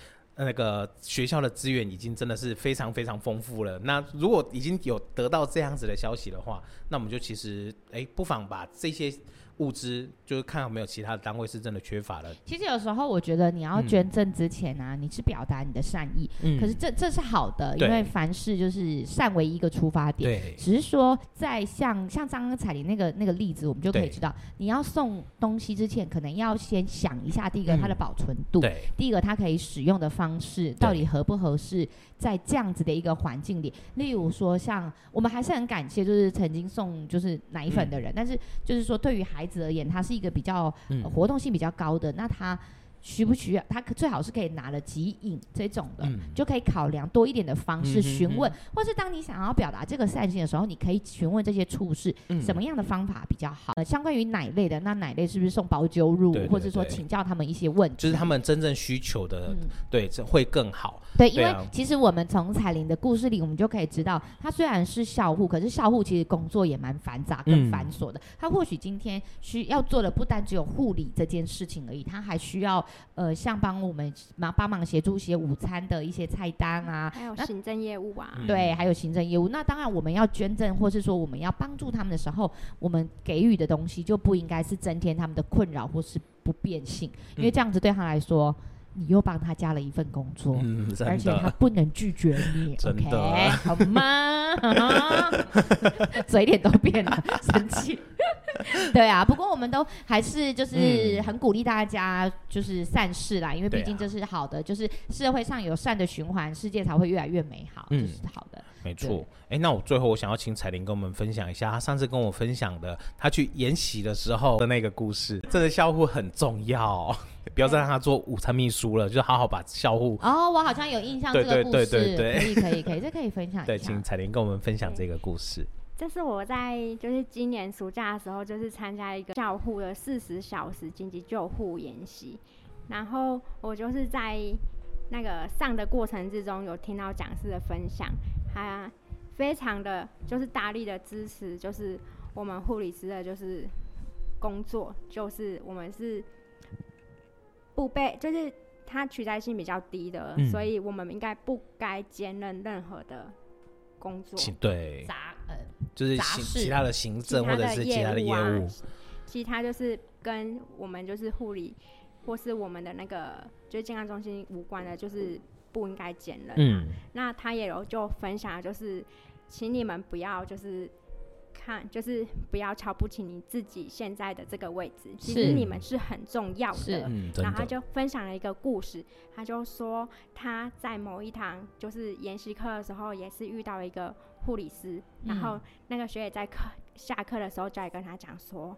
那個學校的資源已經真的是非常非常豐富了。那如果已經有得到這樣子的消息的話，那我們就其實哎、欸，不妨把這些。物資就是看有沒有其他的單位是真的缺乏了。其實有時候我覺得你要捐贈之前啊，嗯、你是表達你的善意，嗯、可是這這是好的，對因為凡事就是善為一個出發點。對只是說在像像剛剛采玲那個那個例子，我們就可以知道，對你要送東西之前，可能要先想一下第一個它的保存度，嗯、第一個它可以使用的方式到底合不合適，在這樣子的一個環境裡。對例如說像，像我們還是很感謝就是曾經送就是奶粉的人，嗯、但是就是說對於孩子子而言，它是一個比較、呃、活動性比較高的，嗯、那它。需不需要？他最好是可以拿了即飲這種的，嗯、就可以考量多一點的方式詢問，嗯、哼哼哼或是當你想要表達這個善心的時候，你可以詢問這些處事、嗯、什麼樣的方法比較好。呃，相關於奶類的，那奶類是不是送保久乳，對對對對或者說請教他們一些問題，就是他們真正需求的，嗯、對，這會更好。對，因為、啊、其實我們從采玲的故事裡，我們就可以知道，她雖然是校護，可是校護其實工作也蠻繁雜、更繁瑣的。她、嗯、或許今天需要做的不單只有護理這件事情而已，她還需要。呃，像幫我們忙幫忙協助一些午餐的一些菜單啊，嗯、還有行政業務啊，對，還有行政業務。那當然，我們要捐贈，或是說我們要幫助他們的時候，我們給予的東西就不應該是增添他們的困擾或是不便性，因為這樣子對他來說。嗯你又幫他加了一份工作，嗯、真的，而且他不能拒絕你，真的、啊、okay, 好嗎？ 嘴臉都變了， 生氣氣。 對啊，不過我們都還是就是很鼓勵大家就是善事啦，嗯、因為畢竟這是好的，啊、就是社會上有善的循環，世界才會越來越美好，這、嗯、是好的。沒錯。哎對、欸，那我最後我想要請采玲跟我們分享一下，他上次跟我分享的他去研習的時候的那個故事，這個笑話很重要。 不要再讓他做午餐秘書了，對就好好把校護。哦，oh, 我好像有印象這個故事。對對對對可以可以可以，這可,可,可以分享一下。 對，請采玲跟我們分享這個故事。這是我在就是今年暑假的時候，就是參加一個校護的四十小時緊急救護演習，然後我就是在那個上的過程之中，有聽到講師的分享，他非常的就是大力的支持，就是我們護理師的，就是工作，就是我們是。不被就是它取代性比較低的，嗯、所以我們應該不該兼任任何的工作。對，雜嗯。呃、雜事就是其他的行政或者是其他的業務、啊，業務啊、其他就是跟我們就是護理、嗯、或是我們的那個就是健康中心無關的，就是不應該兼任、啊。嗯，那他也有就分享，就是請你們不要就是。看，就是不要瞧不起你自己現在的這個位置，其實是你們是很重要的。是然後他就分享了一個故事，他就說他在某一堂就是研習課的時候，也是遇到了一個護理師，嗯、然後那個學姐在課下課的時候，就也跟他講說：“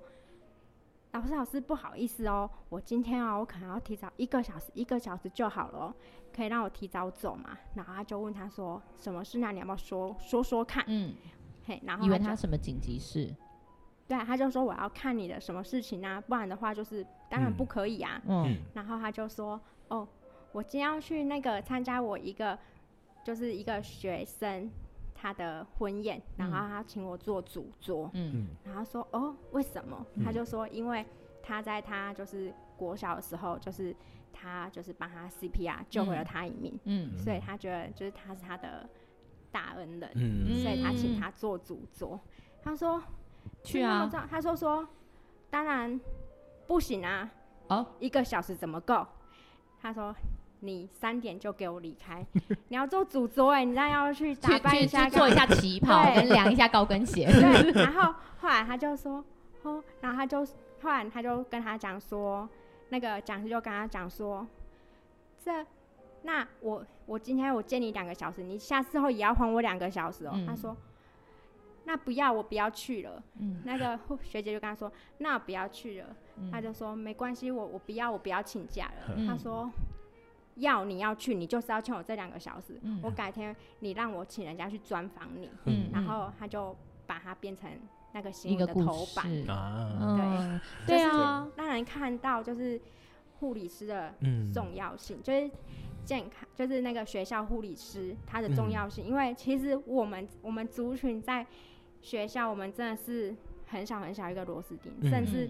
老師，老師，不好意思哦、喔，我今天哦、喔，我可能要提早一個小時，一個小時就好了、喔，可以讓我提早走嘛？”然後他就問他說：“什麼事？那你要不要說說說看？”嗯。然後以為他什麼緊急事？對、啊，他就說我要看你的什麼事情啊，不然的話就是當然不可以啊。嗯，哦、然後他就說，哦，我今天要去那個參加我一個就是一個學生他的婚宴，嗯、然後他請我做主桌、嗯。嗯，然後說哦，為什麼？他就說，因為他在他就是國小的時候，就是他就是幫他 CPR 救回了他一命、嗯。嗯，所以他覺得就是他是他的。大恩人，嗯、所以他請他做主桌。嗯、他說：“去啊！”他說，說：“說當然不行啊！哦，一個小時怎麼夠？”他說：“你三點就給我離開。 你要做主桌哎、欸，你再要去打扮一下，做一下旗袍，對 量一下高跟鞋。” 對。然後後來他就說：“哦。”然後他就後來他就跟他講說：“那個講師就跟他講說這。”那我我，今天我借你兩個小時，你下次後也要還我兩個小時哦。他說，那不要，我不要去了。那個學姐就跟他說，那不要去了。他就說沒關係，我我不要，我不要請假了。他說，要你要去，你就是要欠我這兩個小時。我改天你讓我請人家去專訪你。然後他就把它變成那個新聞的頭版，對對啊，讓人看到就是護理師的重要性，就是。健康就是那個學校護理師他的重要性，嗯，因為其實我們我們族群在學校，我們真的是很小很小一個螺絲釘，嗯，甚至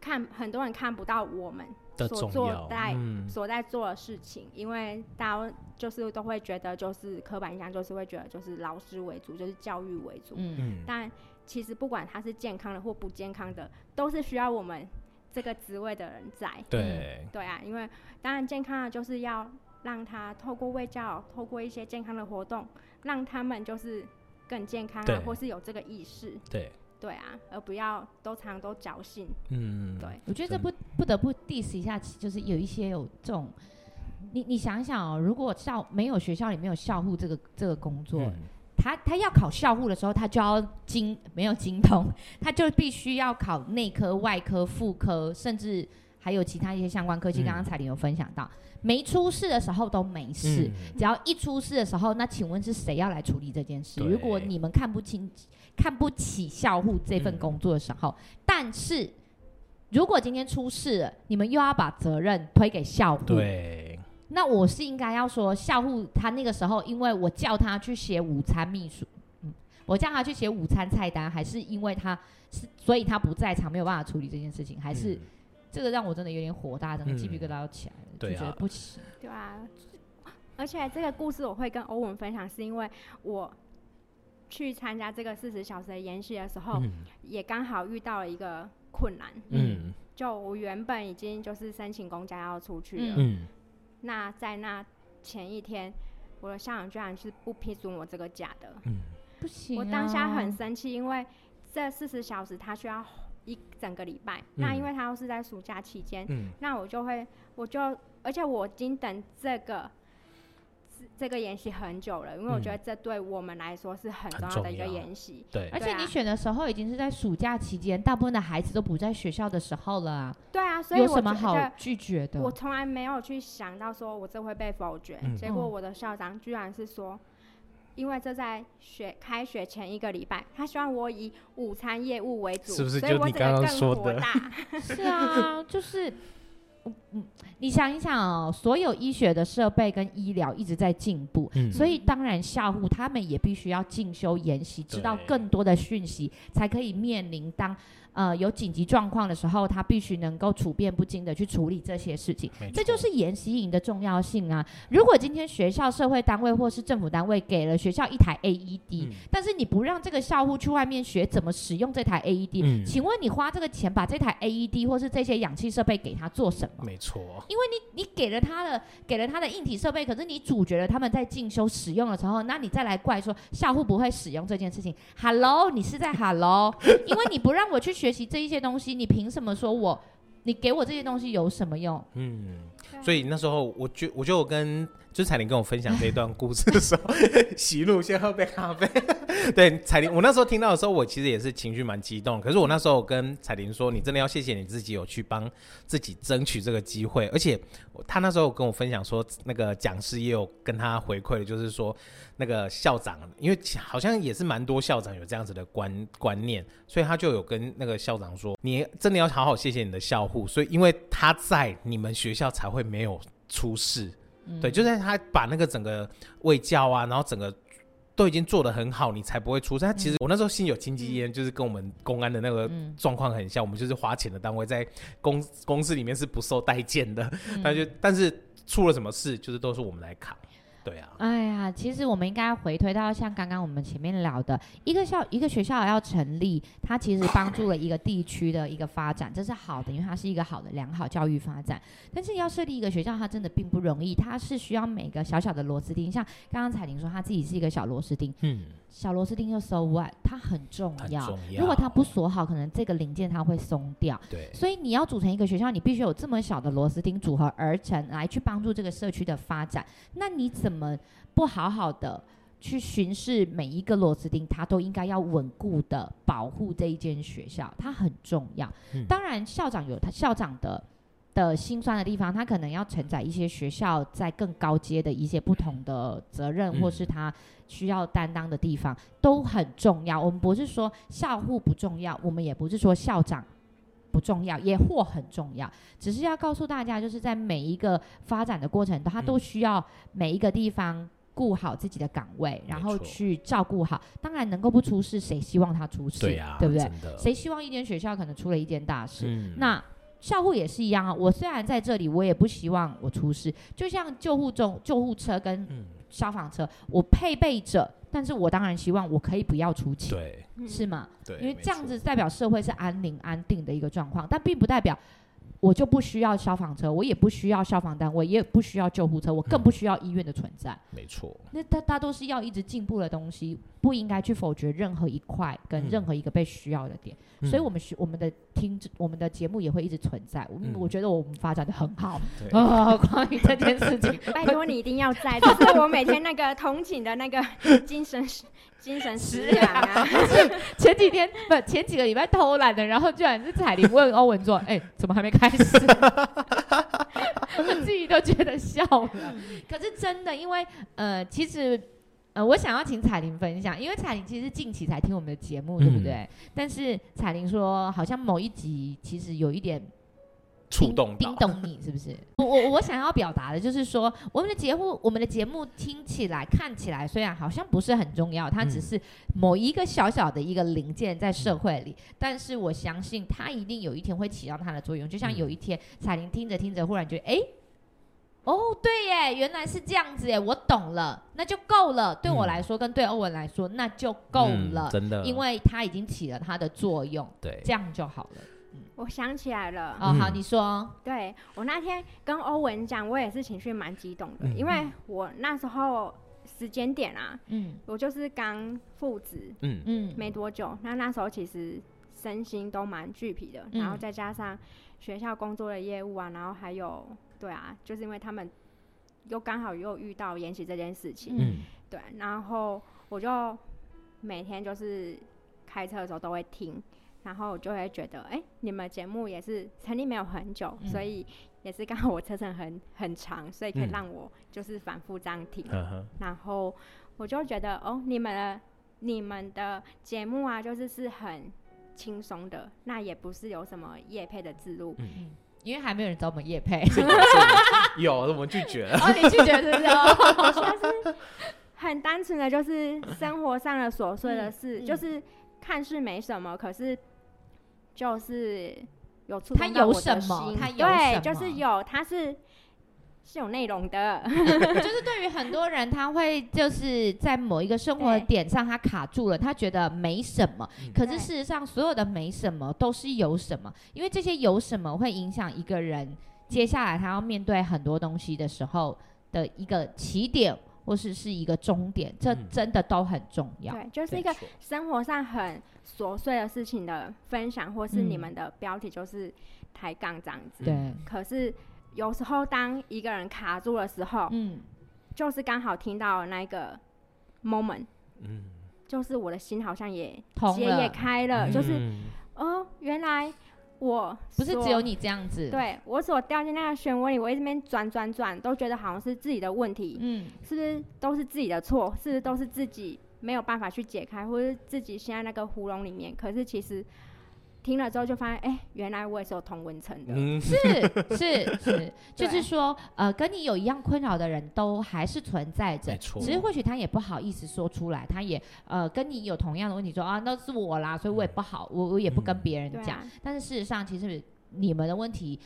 看很多人看不到我們所做在、嗯，所在做的事情，因為大家就是都會覺得就是刻板印象，就是會覺得就是老師為主，就是教育為主。嗯，但其實不管他是健康的或不健康的，都是需要我們。這個職位的人在對、嗯、對啊，因為當然健康啊，就是要讓他透過衛教，透過一些健康的活動，讓他們就是更健康啊，對或是有這個意識。對對啊，而不要都常常都僥倖。嗯，對，我覺得這不不得不 diss 一下，就是有一些有這種，你你想想哦，如果校沒有學校裡沒有校護這個這個工作。嗯他他要考校護的時候，他就要精沒有精通，他就必須要考內科、外科、婦科，甚至還有其他一些相關科技。嗯、剛剛采玲有分享到，沒出事的時候都沒事，嗯、只要一出事的時候，那請問是誰要來處理這件事？對如果你們看不清、看不起校護這份工作的時候，嗯、但是如果今天出事了，你們又要把責任推給校護？那我是應該要說校護他那個時候，因為我叫他去寫午餐秘書，嗯，我叫他去寫午餐菜單，還是因為他是，所以他不在場，沒有辦法處理這件事情，還是、嗯、這個讓我真的有點火大，真的雞皮疙瘩要起來了，對、嗯、就覺得不行，對啊,對啊，而且這個故事我會跟歐文分享，是因為我去參加這個四十小時的研習的時候，嗯、也剛好遇到了一個困難，嗯，嗯就我原本已經就是申請公假要出去了，嗯。嗯那在那前一天，我的校長居然是不批准我這個假的，嗯、不行、啊。我當下很生氣，因為這四十小時他需要一整個禮拜，嗯、那因為他要是在暑假期間，嗯、那我就會，我就，而且我已經等這個。這個研習很久了，因為我覺得這對我們來說是很重要的一個研習、嗯。對，而且你選的時候已經是在暑假期間，大部分的孩子都不在學校的時候了啊。對啊，所以有什麼好拒絕的？我從來沒有去想到說我這會被否決，嗯、結果我的校長居然是說，哦、因為這在學開學前一個禮拜，他希望我以午餐業務為主，是不是就你剛剛說的？所以我整個更火大。是啊，就是。嗯，你想一想哦，所有醫學的設備跟醫療一直在進步，嗯、所以當然，校護他們也必須要進修研習，對知道更多的訊息，才可以面臨當。呃，有緊急狀況的時候，他必須能夠處變不驚的去處理這些事情。錯這就是研習營的重要性啊！如果今天學校、社會單位或是政府單位給了學校一台 AED，、嗯、但是你不讓這個校護去外面學怎麼使用這台 AED，、嗯、請問你花這個錢把這台 AED 或是這些氧氣設備給他做什麼？沒錯錯，因為你你給了他的給了他的硬體設備，可是你阻絕了他們在進修使用的時候，那你再來怪說校護不會使用這件事情。Hello，你是在 Hello？ 因為你不讓我去學，學習這一些東西，你憑什麼說我？你給我這些東西有什麼用？嗯。所以那時候我，我覺我覺得我跟就是采玲跟我分享這一段故事的時候，喜 怒先喝杯咖啡。 對，采玲，我那時候聽到的時候，我其實也是情緒蠻激動的。可是我那時候跟采玲說，你真的要謝謝你自己有去幫自己爭取這個機會。而且她那時候跟我分享說，那個講師也有跟她回饋，就是說那個校長，因為好像也是蠻多校長有這樣子的觀觀念，所以她就有跟那個校長說，你真的要好好謝謝你的校護。所以因為。他在你們學校才會沒有出事，嗯、對，就是他把那個整個衛教啊，然後整個都已經做得很好，你才不會出事。嗯、他其實我那時候心有戚戚焉，就是跟我們公安的那個狀況很像，嗯、我們就是花錢的單位，在公公司裡面是不受待見的，嗯、但就但是出了什麼事，就是都是我們來扛。對啊，哎呀，其實我們應該回推到像剛剛我們前面聊的，一個校一個學校要成立，它其實幫助了一個地區的一個發展，這是好的，因為它是一個好的良好教育發展。但是要設立一個學校，它真的並不容易，它是需要每個小小的螺絲釘，像剛剛采玲說，她自己是一個小螺絲釘，嗯。小螺絲釘又 so what，它很重要，重要，如果它不鎖好，嗯、可能這個零件它會鬆掉。對所以你要組成一個學校，你必須有這麼小的螺絲釘組合而成，來去幫助這個社區的發展。那你怎麼不好好的去巡視每一個螺絲釘？它都應該要穩固的保護這一間學校，它很重要。嗯、當然校，校長有他校長的。的心酸的地方，他可能要承載一些學校在更高階的一些不同的責任，嗯、或是他需要擔當的地方、嗯、都很重要。我們不是說校護不重要，我們也不是說校長不重要，也或很重要。只是要告訴大家，就是在每一個發展的過程中，他都需要每一個地方顧好自己的崗位，嗯、然後去照顧好。沒錯、當然，能夠不出事，誰、嗯、希望他出事？對、啊、對不對？誰真的、希望一間學校可能出了一件大事？嗯、那。校護也是一樣啊，我雖然在這裡，我也不希望我出事。就像救護車、救護車跟消防車，嗯、我配備着，但是我當然希望我可以不要出勤，對是嗎？嗯、因為這樣子代表社會是安寧安定的一個狀況，但並不代表。我就不需要消防車，我也不需要消防單位，我也不需要救護車，我更不需要醫院的存在。嗯、沒錯。那大大都是要一直進步的東西，不應該去否決任何一塊跟任何一個被需要的點。嗯、所以我們需我們的聽我們的節目也會一直存在。嗯、我，我覺得我們發展得很好。哦、嗯啊、關於這件事情， 拜托你一定要在，這 是我每天那個通勤的那個精神。 精神食糧啊！是啊 前幾天不，前幾個禮拜偷懶的，然後居然是采玲問歐文說：“哎、欸，怎麼還沒開始？”我 自己都覺得笑了。嗯、可是真的，因為呃，其實呃，我想要請采玲分享，因為采玲其實近期才聽我們的節目，嗯、對不對？但是采玲說，好像某一集其實有一點。觸動到叮叮咚你是不是？ 我我我想要表達的就是說，我們的節目，我們的節目聽起來、看起來雖然好像不是很重要，它只是某一個小小的一個零件在社會裡。嗯、但是我相信，它一定有一天會起到它的作用。就像有一天、嗯、采玲聽着聽着，忽然覺得，哎、欸，哦對耶，原來是這樣子耶，我懂了，那就夠了。對我來說，跟對歐文來說，那就夠了、嗯，真的，因為它已經起了它的作用，對，這樣就好了。我想起來了哦，好，你說。對，我那天跟歐文講，我也是情緒蠻激動的，嗯嗯、因為我那時候時間點啊，嗯，我就是剛復職，嗯嗯，沒多久。那那時候其實身心都蠻俱疲的，嗯、然後再加上學校工作的業務啊，然後還有對啊，就是因為他們又剛好又遇到延期這件事情，嗯，對、啊，然後我就每天就是開車的時候都會聽。然後我就會覺得，哎、欸，你們節目也是成立沒有很久，嗯、所以也是剛好我車程很很長，所以可以讓我就是反覆聆聽、嗯、然後我就覺得，哦，你們的你們的節目啊，就是是很輕鬆的，那也不是有什麼業配的置入，嗯、因為還沒有人找我們業配。 有，我們拒絕了。 哦，你拒絕是不是？主要 是很單純的，就是生活上的瑣碎的事， 就是看似沒什麼，可是。就是有的他有什麼，對，他有就是有，他是是有內容的。 就是對於很多人，他會就是在某一個生活點上，對他卡住了，他覺得沒什麼。嗯、可是事實上，對所有的沒什麼都是有什麼，因為這些有什麼會影響一個人接下來他要面對很多東西的時候的一個起點，或是是一個終點，這真的都很重要、嗯。對，就是一個生活上很。瑣碎的事情的分享，或是你們的標題就是抬槓這樣子。嗯、對。可是有時候，當一個人卡住的時候，嗯，就是剛好聽到那個 moment，嗯，就是我的心好像也，好，也開了，了就是哦、嗯呃，原來我不是只有你這樣子。對，我所掉進那個漩渦裡，我一直邊轉轉轉，都覺得好像是自己的問題，嗯，是是是，是不是都是自己的錯？是不是都是自己？沒有辦法去解開，或是自己陷在那個窟窿裡面。可是其實聽了之後就發現，哎，原來我也是有同溫層的。是是、嗯、是，是是 就是說， 呃，跟你有一樣困擾的人都還是存在着。錯其實或許他也不好意思說出來，他也呃跟你有同樣的問題，說啊那是我啦，所以我也不好，我我也不跟別人講。嗯、但是事實上，其實你們的問題。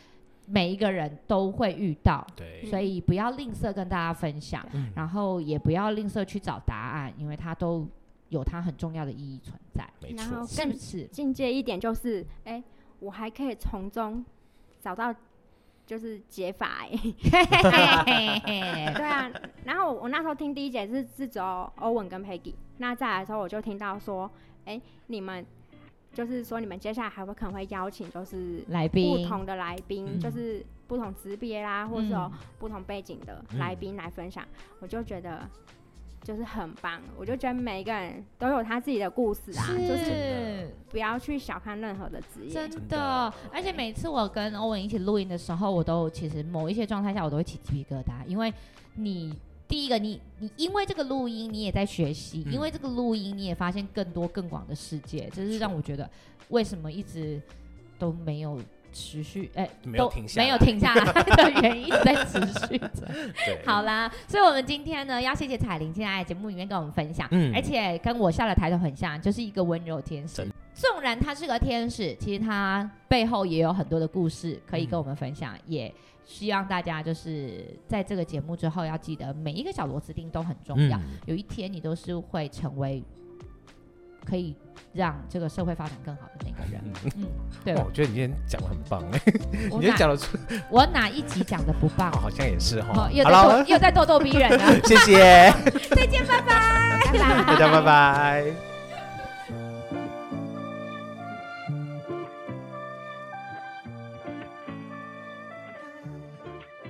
每一個人都會遇到，對所以不要吝嗇跟大家分享，嗯、然後也不要吝嗇去找答案，對因為它都有它很重要的意義存在。錯然後，更進階一點就是，哎是、欸，我還可以從中找到就是解法。哎，對啊，然後我那時候聽第一節是自責、歐文跟佩吉，那再來的時候我就聽到說，哎、欸，你們。就是說，你們接下來還會可能會邀請，就是來賓不同的來賓，來賓就是不同職別啦，嗯、或者說不同背景的來賓來分享，嗯、我就覺得就是很棒。我就覺得每一個人都有他自己的故事啊，是就是不要去小看任何的職業，真的。對而且每次我跟歐文一起錄音的時候，我都其實某一些狀態下，我都會起雞皮疙瘩，因為你。第一個，你你因為這個錄音，你也在學習；嗯、因為這個錄音，你也發現更多更廣的世界。這、嗯、是讓我覺得，為什麼一直都沒有持續？哎、欸，都沒有停下，沒有停下來的原因 一直在持續的 對好啦，所以我們今天呢，要謝謝采玲今天在節目裡面跟我們分享。嗯、而且跟我下的抬頭很像，就是一個溫柔天使。縱的然他是個天使，其實他背後也有很多的故事可以跟我們分享。也、嗯 yeah 希望大家就是在這個節目之後要記得，每一個小螺絲釘都很重要。嗯、有一天你都是會成為可以讓這個社會發展更好的那個人。嗯，嗯、對，我覺得你今天講的很棒哎，你今天講的出，我哪一集講的不棒？ 不棒 好像也是哈、哦。好嘍，好又在咄咄逼人了。 謝謝， 再見，拜拜，拜拜 大家拜拜。